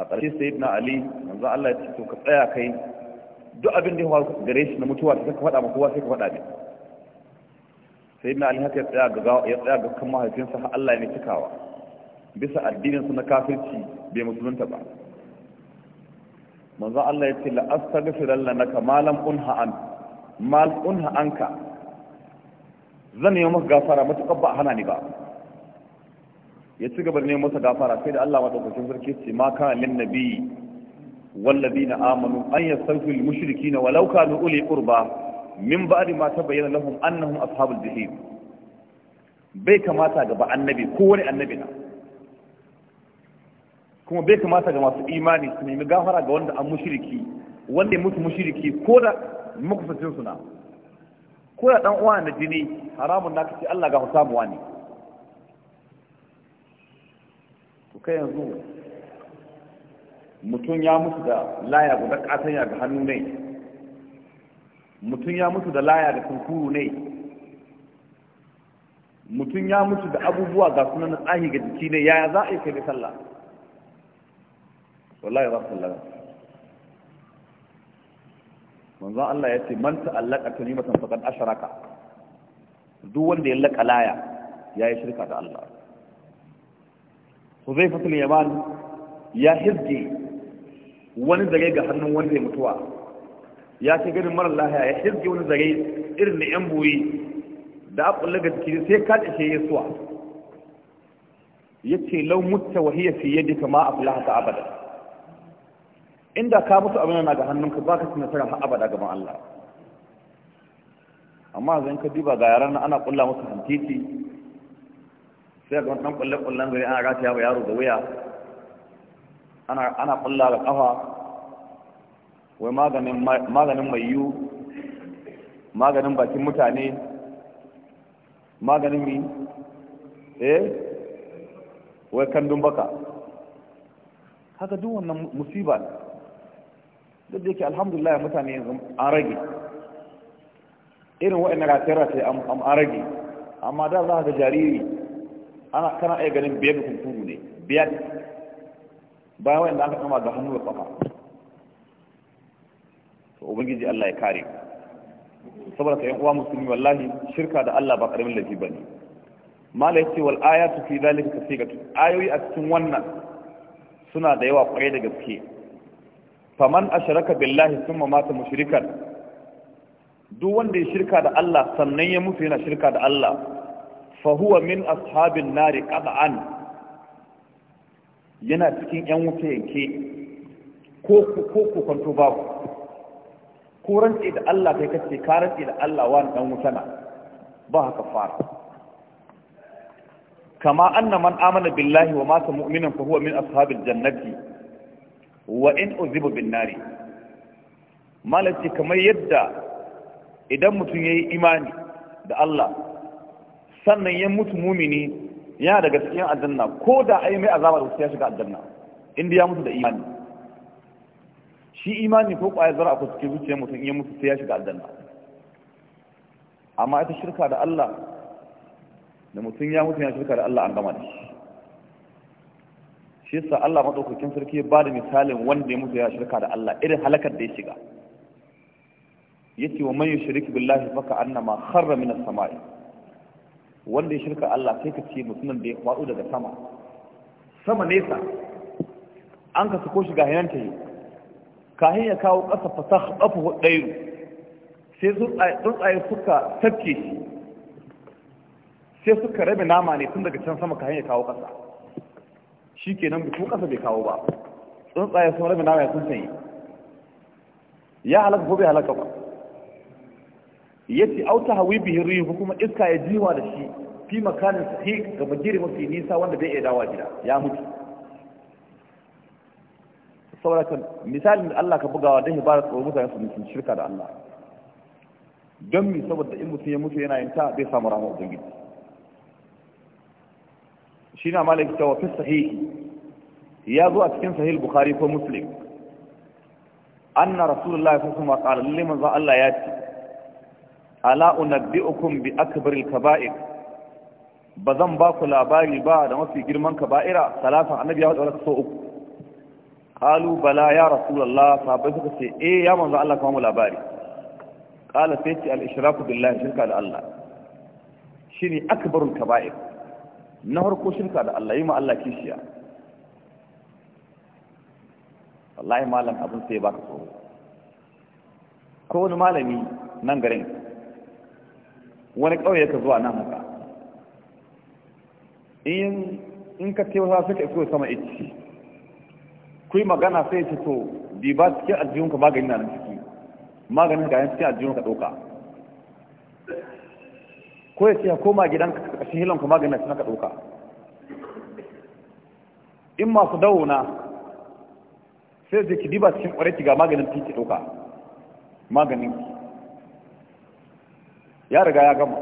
a ƙarshe sayyidina Ali manzo Allah ya ce to ka tsaya kai duk abin da ya faru gare shi na mutuwa sai ka faɗa ma kowa sai ka faɗa ne sayyidina Ali haka ya tsaya ga ya tsaya ga kan mahaifinsa har Allah ya ne cikawa bisa addinin su na kafirci bai musulunta ba manzo Allah ya ce la astaghfiran laka ma lam unha an mal unha anka zan yi maka gafara matukar ba hana ni ba ya ci gaba ne masa gafara sai da Allah madaukakin sarki ce ma kana lin nabi والذين آمنوا أن يستغفروا للمشركين ولو كانوا أولي قربى من بعد ما تبين lahum أنهم أصحاب الجحيم bai kamata gaba annabi ko wani annabi na kuma bai kamata ga masu imani su nemi gafara ga wanda an mushiriki wanda ya mutu mushiriki ko da makusacin suna ko da dan uwa na jini haramun na kace Allah ga samuwa ne to kai yanzu mutum ya mutu da laya guda katanya ga hannu ne mutum ya mutu da laya da kunkuru ne mutum ya mutu da abubuwa ga sunan tsahi ga jiki ne yaya za a yi kai da sallah wallahi ba sallama manzon Allah ya ce man ta'allaka kalimatan faqad asharaka duk wanda ya laka laya yayi shirka da Allah Huzaifa bin Yaman ya hirge wani zare ga hannun wanda ya mutuwa ya ce gani marar lahiya ya hirge wani zare irin na yan buri da a kulle ga jiki sai ka dace ya suwa yace law mutta fiye da fi yadika ma aflaha abada inda ka mutu abin na ga hannunka ba ka ci nasara har abada gaban Allah amma zan ka diba ga yaran ana kulla musu hantiti sai ga wannan kulle kullen gari ana rataya wa yaro da wuya ana ana kulla ga kafa wai maganin maganin yu maganin bakin mutane maganin mi eh wai kandun baka haka duk wannan musiba ne duk da yake alhamdulillah mutane yanzu an rage irin wa'in ratera sai an rage amma da za ga jariri ana kana iya ganin biyar da kunturu ne biyar bayan wa'in da aka kama da hannu da kafa to ubangiji Allah ya kare saboda ka yan uwa musulmi wallahi shirka da Allah ba karamin lafi bane mala yace wal ayatu fi dhalika kaseerat ayoyi a cikin wannan suna da yawa kwarai da gaske faman asharaka billahi thumma mata mushrikan duk wanda ya shirka da Allah sannan ya mutu yana shirka da Allah fa huwa min ashabin nari qad'an yana cikin yan wuta yanke ko kwanto babu ko rantsi da Allah kai kace ka rantsi da Allah wa dan wuta na ba haka fara kama annaman amana billahi wa mata mu'minan fa huwa min ashabil jannati wa in uzibu bin nari malaci kamar yadda idan mutum ya yi imani da Allah sannan ya mutu mumini yana daga cikin aljanna ko da ai mai azaba da ya shiga aljanna inda ya mutu da imani shi imani ko kwaya zara ku cikin zuciyar mutum ya mutu sai ya shiga aljanna amma ita shirka da Allah da mutum ya mutu ya shirka da Allah an gama da shi shi yasa Allah madaukakin sarki ya bada misalin wanda ya mutu ya shirka da Allah irin halakar da ya shiga yace wa man yushriku billahi faka annama kharra min as-sama'i wanda ya shirka Allah sai ka ce mutumin da ya faɗo daga sama sama nesa an ka sako shi ga hayanta tahi kahin ya kawo ƙasa fa afu ɗairu sai tsuntsaye suka tafke shi sai suka rabe nama ne tun daga can sama kahin ya kawo ƙasa shi ke nan ko ƙasa bai kawo ba tsuntsaye sun rami namaya ya sun sanyi ya halaka ko bai halaka ba ya ce auta hawi bihin riyu ko kuma iska ya jiwa da shi fi makanin sahi ga magiri mafi nisa wanda bai iya dawa gida ya mutu saboda kan misalin da Allah ka bugawa don hibarar tsoron mutane su mutum shirka da Allah don mi saboda in mutum ya mutu yana yin ta bai samu ramar ubangiji shi na malaki cewa fi sahihi ya zo a cikin sahih bukhari ko muslim anna rasulullah sallallahu alaihi wasallam qala liman za Allah ya ce ala unabbiukum bi akbaril kaba'ir ba zan ba ku labari ba da mafi girman kaba'ira salatan annabi ya wadda so uku qalu bala ya rasulullah sahabbai suka ce eh ya manzo Allah kuma mu labari qala sai ce al-ishraku billahi shirka da Allah shine akbarul kaba'ir na harko shirka da Allah yi ma Allah kishiya wallahi malam abin sai baka tsoro ko wani malami nan garin wani ƙauye ka zuwa nan haka in in ka ce wasa suka iso sama ici kuyi magana sai ce to ba cikin aljihunka magani na nan ciki maganin ga yan cikin aljihunka ɗauka ko ya ce ya koma gidan ƙarshen hilon hilanku ganin suna ka ɗauka in masu dawo na sai zai ki diba cikin ƙwarai ga maganin titi ɗauka maganin ki ya riga ya gama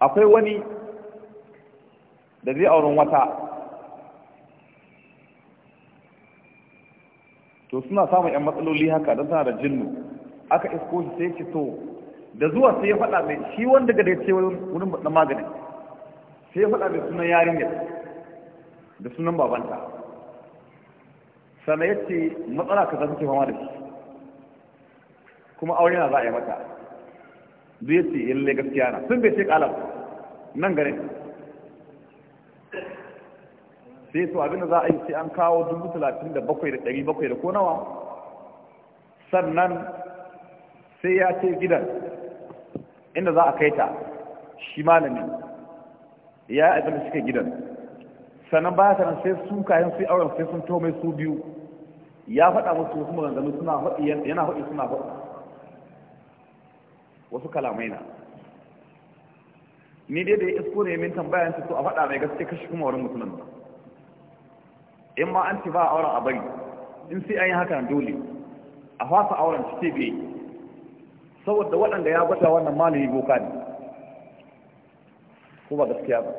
akwai wani da zai auren wata to suna samun 'yan matsaloli haka don suna da jinnu aka isko shi sai ki to da zuwa sai ya faɗa mai shi wanda ga da ce wurin na maganin sai ya faɗa mai sunan yarinyar da sunan babanta sannan ya ce matsala ka zafi fama da shi kuma aure na za a yi mata duk ya ce yin gaskiya na sun bai ce kalam nan garin sai su abinda za a yi sai an kawo dubu talatin da bakwai da ɗari bakwai da ko nawa sannan sai ya ce gidan inda za a kai ta shi malami ya yi abin da suke gidan sannan ba ta sai su kayan su auren sai sun tome su biyu ya faɗa musu wasu maganganu suna haɗi yana haɗi suna haɗi wasu kalamai na ni dai da ya isko ne min tambayan su a faɗa mai gaske kashi kuma wurin mutumin ba in ma an ci ba a auren a bari in sai an yi haka dole a fasa auren cike bai saboda waɗanda ya gwada wannan malami boka ne ko ba gaskiya ba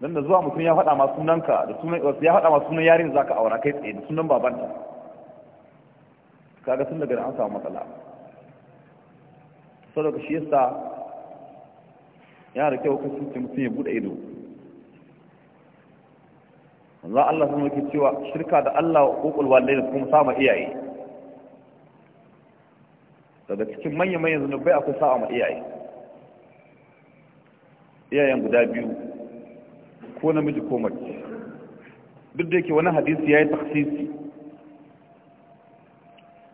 don da zuwa mutum ya faɗa ma sunanka da sunan ya faɗa ma sunan yarin za ka aura kai tsaye da sunan babanta kaga sun daga an samu matsala saboda shi yasa yana da kyau kasance mutum ya buɗe ido za Allah sun yake cewa shirka da Allah ko kokul da kuma sama iyaye daga cikin manyan manyan zunubai akwai sa'a ma iyaye iyayen guda biyu ko namiji ko mace duk da yake wani hadisi ya yi taksisi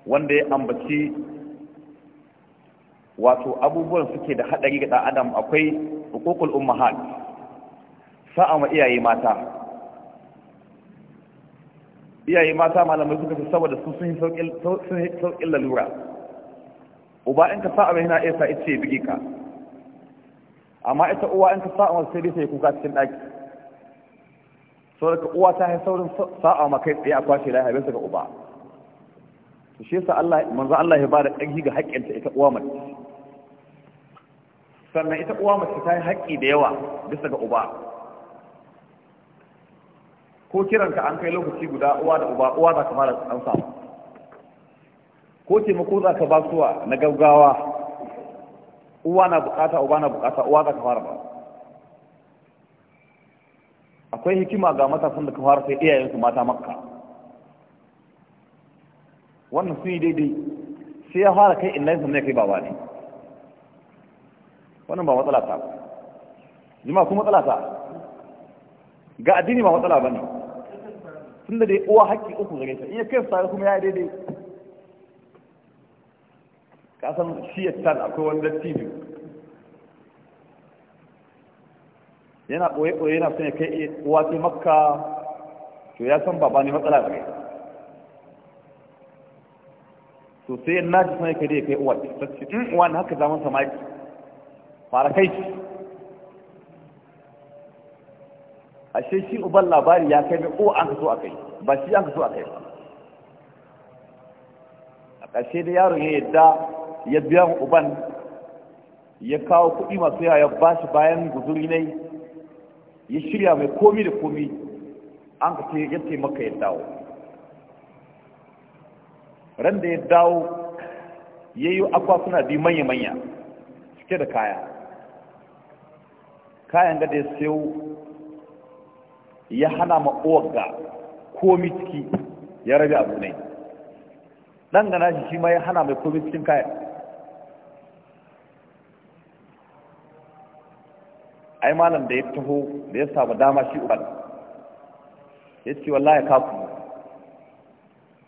wanda ya ambaci wato abubuwan suke da haɗari ga ɗan adam akwai hukukul ummahat sa'a ma iyaye mata iyaye mata malamai suka fi saboda sun yi sauƙin lalura uba in ka sa abin yana iya sa ita ya bige ka amma ita uwa in ka sa abin sai dai sai kuka cikin ɗaki saboda uwa ta yi saurin sa'a ma kai tsaye a kwashe lafiya bisa ga uba to shi yasa Allah manzo Allah ya bada ƙarfi ga haƙƙinta ita uwa mace sannan ita uwa mace ta yi haƙƙi da yawa bisa ga uba ko kiranka an kai lokaci guda uwa da uba uwa za ka fara tsansa samu ko taimako za ka ba suwa na gaggawa uwa na bukata uba na bukata uwa za ka fara ba akwai hikima ga matasan da ka fara sai iyayensu mata makka wannan sun yi daidai sai ya fara kai inna sannan ya kai baba ne wannan ba matsala ta jima kuma matsala ta ga addini ba matsala ba ne tun da dai uwa haƙƙi uku gare ta in ya kai su kuma ya yi daidai kasan shi tan akwai wani TV yana ɓoye-ɓoye yana sanya ya kai uwa ce makka to ya san baba ne matsala ne. to sai ya ji son ya kai ya kai uwa ce ta ce in mm, uwa ne haka zaman samaki fara kai ki. ashe shi uban labari ya kai mai uwa oh, an ka so a kai ba shi an ka so a kai ba a ƙarshe da yaron ya yadda ya biya mu uban ya kawo kuɗi masu yawa ya ba shi bayan guzuri ne ya shirya mai komi da komi an ka ya taimaka ya dawo ran da ya dawo ya yi akwatuna bi manya-manya cike da kaya kayan da ya sayo ya hana ma'uwar ga komi ciki ya rabe abu ne ɗan gana shi shi ma ya hana mai komi cikin kayan ai malam da ya taho da ya samu dama shi uban ya ce wallahi kafu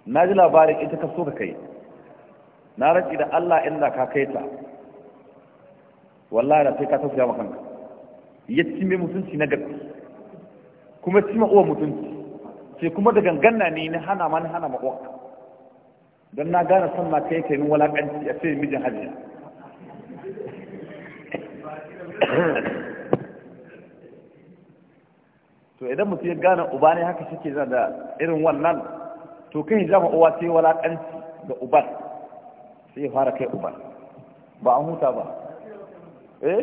na ji labarin ita ka so ka kai na rantsi da Allah inda ka kai ta wallahi da sai ka tafiya ma kanka ya ci mai mutunci na gaske kuma ci ma uwa mutunci sai kuma da ganganna ne ni hana ma na hana ma uwa don na gane son na kai kai min walakanci a sai mijin hajiya to idan mutum ya gane uba ne haka suke ke da irin wannan to kai zama uwa sai walakanci ga uban sai ya fara kai uban ba an huta ba eh,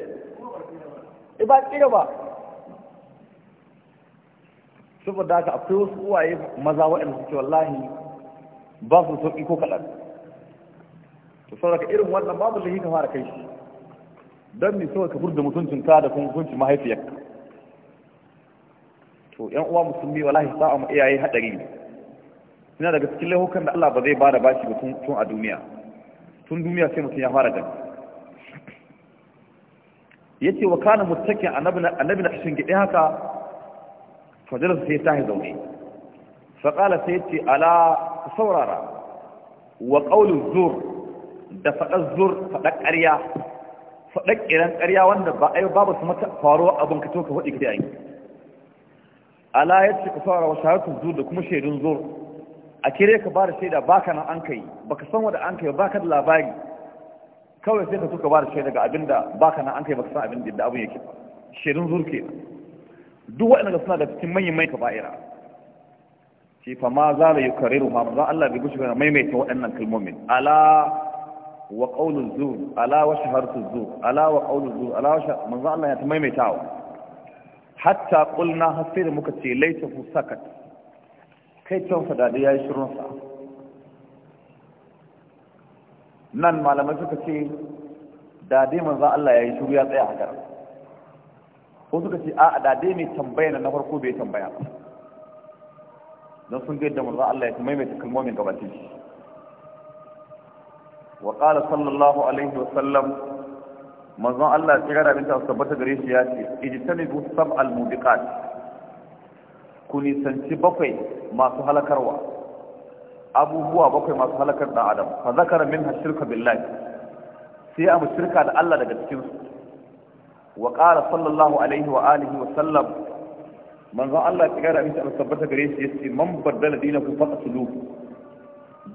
eh ba kira ba saboda haka akwai wasu uwaye maza waɗanda suke wallahi ba su sauƙi ko kaɗan to saboda irin wannan babu da ka fara kai shi don me saboda ka furda mutuncin ka da kuma mutuncin mahaifiyarka to yan uwa musulmi wallahi sa'a mu iyaye hadari ne ina daga cikin laifukan da Allah ba zai bada bashi ba tun a duniya tun duniya sai mutum ya fara gani yace wa kana muttakin annabi annabi na shin gidi haka fajar sai ta yi zaune fa qala sai yace ala saurara wa qawlu zur da faɗar zur fadar ƙarya fadar kiran ƙarya wanda ba ai babu su mata faruwa abun ka to ka faɗi kai ai ala ya ce ku fara wasu harkar zuwa da kuma shaidun zuwa a kire ka ba da shaida baka nan an kai baka san wanda an kai baka da labari kawai sai ka tuka ba da shaida ga abinda baka nan an kai baka san abin da abin yake ba shaidun zuwa ke duk waɗanda suna da cikin manyan mai kaba'ira ce fa ma za la yukariru ma za Allah bai gushi ga maimaita waɗannan kalmomin ala wa qaulul zur ala wa shaharatu zur ala wa qaulul zur ala wa manzo Allah ya ta maimaitawa hatta kulna har sai da muka ce laita hu sakat kai can fadade ya yi shirinsa nan malamai suka ce dade manzo Allah ya yi shiru ya tsaya a gara ko suka ce a dade mai tambaya na farko bai tambaya ba don sun gaida manzo Allah ya fi maimaita kalmomin gabatin shi wa qala sallallahu alaihi wa sallam manzon Allah ya tsira da binta tabbata gare shi ya ce ijtanibu sab'al mubiqat ku nisanci bakwai masu halakarwa abubuwa bakwai masu halakar da adam fa zakara minha shirka billahi sai a shirka da Allah daga cikin su wa qala sallallahu alaihi wa alihi wa sallam manzon Allah ya tsira da binta tabbata gare shi ya ce man baddala dinahu faqatulu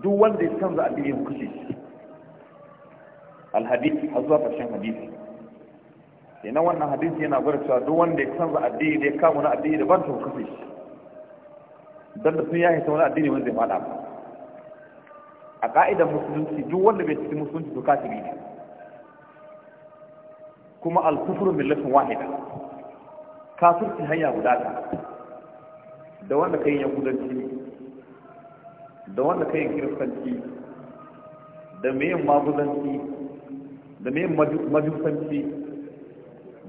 duk wanda ya canza addinin kushi alhadis har zuwa ƙarshen hadisi na wannan hadisi yana gwada cewa duk wanda ya canza addini da ya kama na addini da ban ta hukufi don da sun yaki ta wani addini wanda zai faɗa a ƙa'idar musulunci duk wanda bai cikin musulunci to kafiri ne kuma alkufru millatin wahida kafirci hanya guda ta da wanda kai yahudanci da wanda kai kiristanci da yin maguzanci da mai majusanci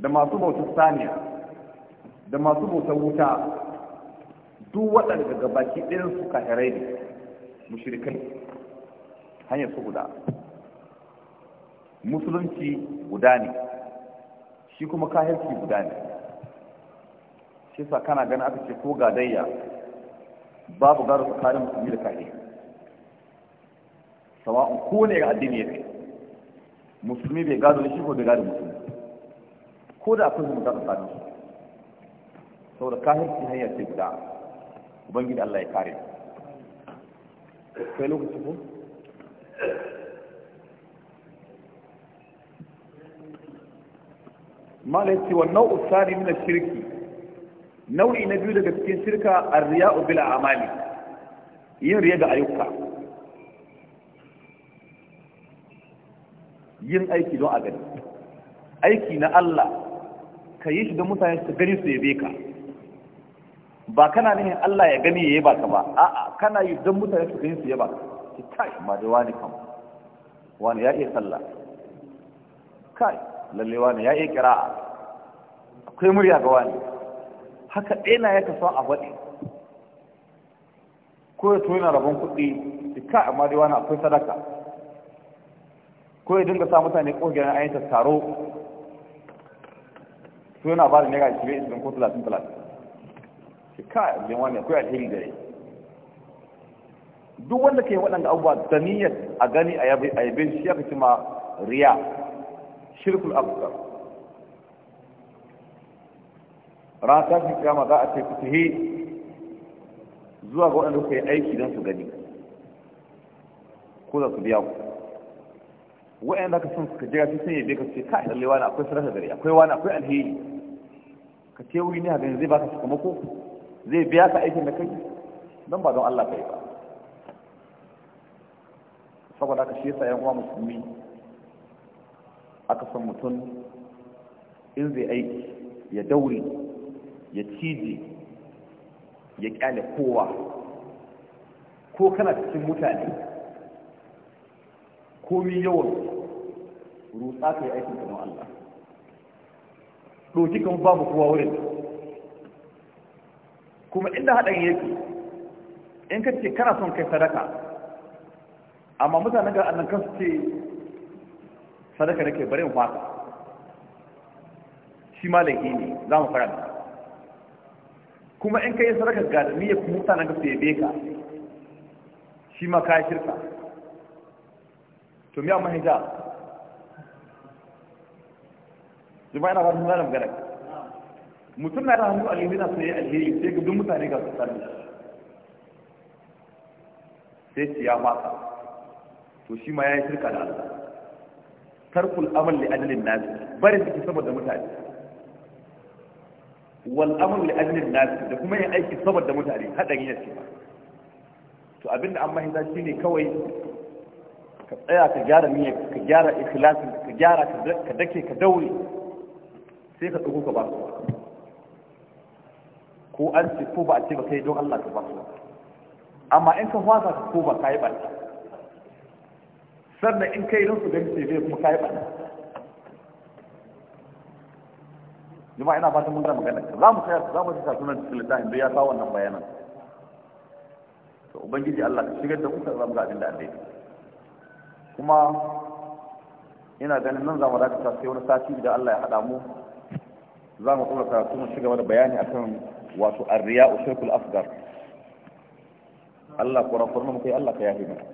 da masu bautar saniya da masu bautar wuta duk waɗanda daga baki ɗin su kahirai ne mushrikai hanyar su guda musulunci guda ne shi kuma kahirci guda ne shi sa kana gani aka ce ko gadayya babu gara tsakanin musulmi da kahirai sawa'un ko ne ga addini ya kai musulmi bai gado da shi ko bai gado musulmi ko da akwai zumunta tsakanin su kahin kafirci hanyar ce guda ubangiji Allah ya kare kai lokaci ko malai ce wa nau'u na shirki nau'i na biyu daga cikin shirka a riya'u bila amali yin riya da ayyuka yin aiki don a gani aiki na Allah ka yi shi don mutane su gani su yabe ka ba kana nihin Allah ya gani ya ba ka ba a'a kana yi don mutane su gani su yaba ka ki kai ma da wani kam wani ya iya sallah kai lalle wani ya iya kira'a akwai murya ga wani haka ɗena ya kaso a faɗi ko ya tona rabon kuɗi ki kai ma da wani akwai sadaka ko ya dinga sa mutane ƙungiyar ayyanta taro su yana ba da shi bai ishirin ko talatin talatin shi ka yi wani akwai alheri gare duk wanda ke waɗanda abuwa da niyyar a gani a yabe shi ya kaci ma riya shirkul abubuwa ran fi kama za a ce fitihi zuwa ga waɗanda suka yi aiki don su gani ko za su biya ku wa'in da ka sun suka jira sun yabe ka ce ka lalle wani akwai sarrafa gari akwai wani akwai alheri ka ce wuri ne ganin zai baka sakamako zai biya ka aikin da kai don ba don Allah kai ba saboda ka shi yasa yan uwa musulmi aka san mutum in zai aiki ya daure ya cije ya kyale kowa ko kana cikin mutane komi yawan rutsa ka yi aikin kamar Allah ɗoki kan babu kowa wurin kuma inda haɗin yake in ka ce kana son kai sadaka amma mutanen ga annan kansu ce sadaka nake bari in fata shi ma laifi ne za mu faranta kuma in ka yi sadaka ga niyyar kuma mutanen ga su yabe ka shi ma ka shirka to miya mahija jama'a na fatan zalim gara mutum na da hannu alheri yana sai alheri sai ga duk mutane ga su sani sai siya ya to shi ma ya yi shirka da Allah tarkul amal li ajlin nas bari su saboda mutane wal amal li ajlin nas da kuma yin aiki saboda mutane hada hadarin yake to abinda an mahimmanci shine kawai ka tsaya ka gyara niyyar ka gyara ikhlasin ka gyara ka dake ka daure sai ka ɗauko ka ba su ko an ce ko ba a ce ba kai don Allah ka ba su amma in ka fasa ka ko ba ka yi ɓarna sannan in kai don su gani ce zai kuma ka yi ɓarna jama'a ina fatan mun gama magana za mu tsaya za mu tsaya sunan cikin littafin da ya kawo wannan bayanan to ubangiji Allah ka shigar da kuka zamu ga abin da Allah kuma ina ganin nan za zamu dakata sai wani sati da Allah ya haɗa mu za mu tsora karatu mu shiga da bayani akan wato arriya'u shirkul afgar Allah kurakurna mu kai Allah ka yafi mana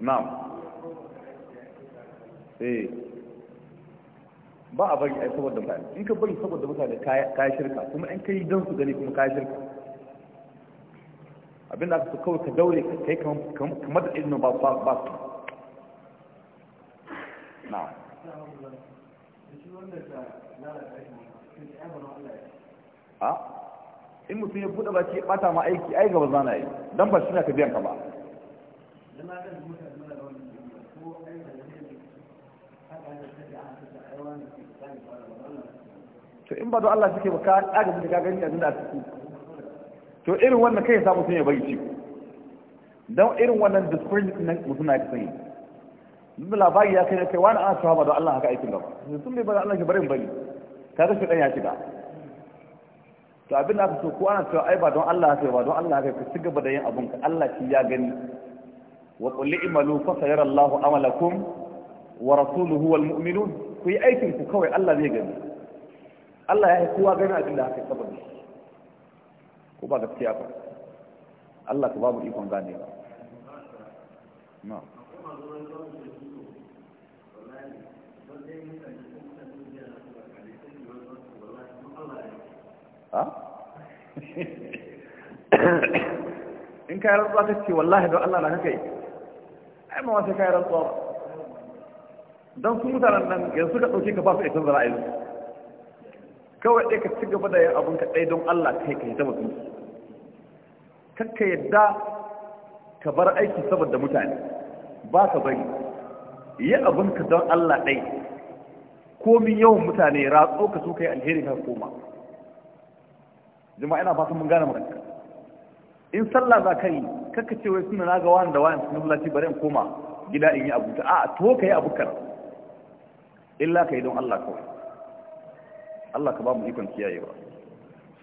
na'am eh ba a bari ai saboda mutane in ka bari saboda mutane kaya shirka kuma in kai don su gani kuma kaya shirka abinda da aka kawai ka daure ka yi kamar da ilimin ba ba su na a in mutum ya buɗe ba ce ɓata ma aiki ai gaba zana yi don ba shi na ka biyan ka ba to in ba don Allah suke ba ka ɗaga da ka gani a da a cikin to irin wannan kai sa mutum ya bai ci don irin wannan discourage nan mutum na sani da labari ya kai kai wani ana shahaba don Allah haka aikin gaba sun bai bari Allah ya bari in bari kaga shi dan ya shiga to abin da aka so ko ana cewa ai ba don Allah haka ba don Allah haka ka ci da yin abun ka Allah shi ya gani wa qul i'malu fa sayara Allahu amalakum wa rasuluhu wal mu'minun ku yi aikin ku kawai Allah zai gani Allah ya yi kowa gani abin da haka saboda ko ba gaskiya ba Allah ka babu ikon gane ba na in kayan rantsuwa ta ce wallahi don Allah na haka yi ai ma wasu yi rantsuwa ba don su mutanen nan yanzu ka ɗauke ka ba su ikin zara'ayi kawai ɗaya ka ci gaba da yin abin ka ɗaya don Allah kai ka yi ta mutunci kakka yadda ka bar aiki saboda mutane ba ka bari yi abinka don Allah ɗai komin yawan mutane ratso ka so ka yi alheri ka koma jama'a ina fatan mun gane magana in sallah za ka yi kakka ce wai suna na ga wani da wani sun lati bari in koma gida in yi abuta a to ka yi abukar illa ka yi don Allah kawai Allah ka ba mu ikon kiyayewa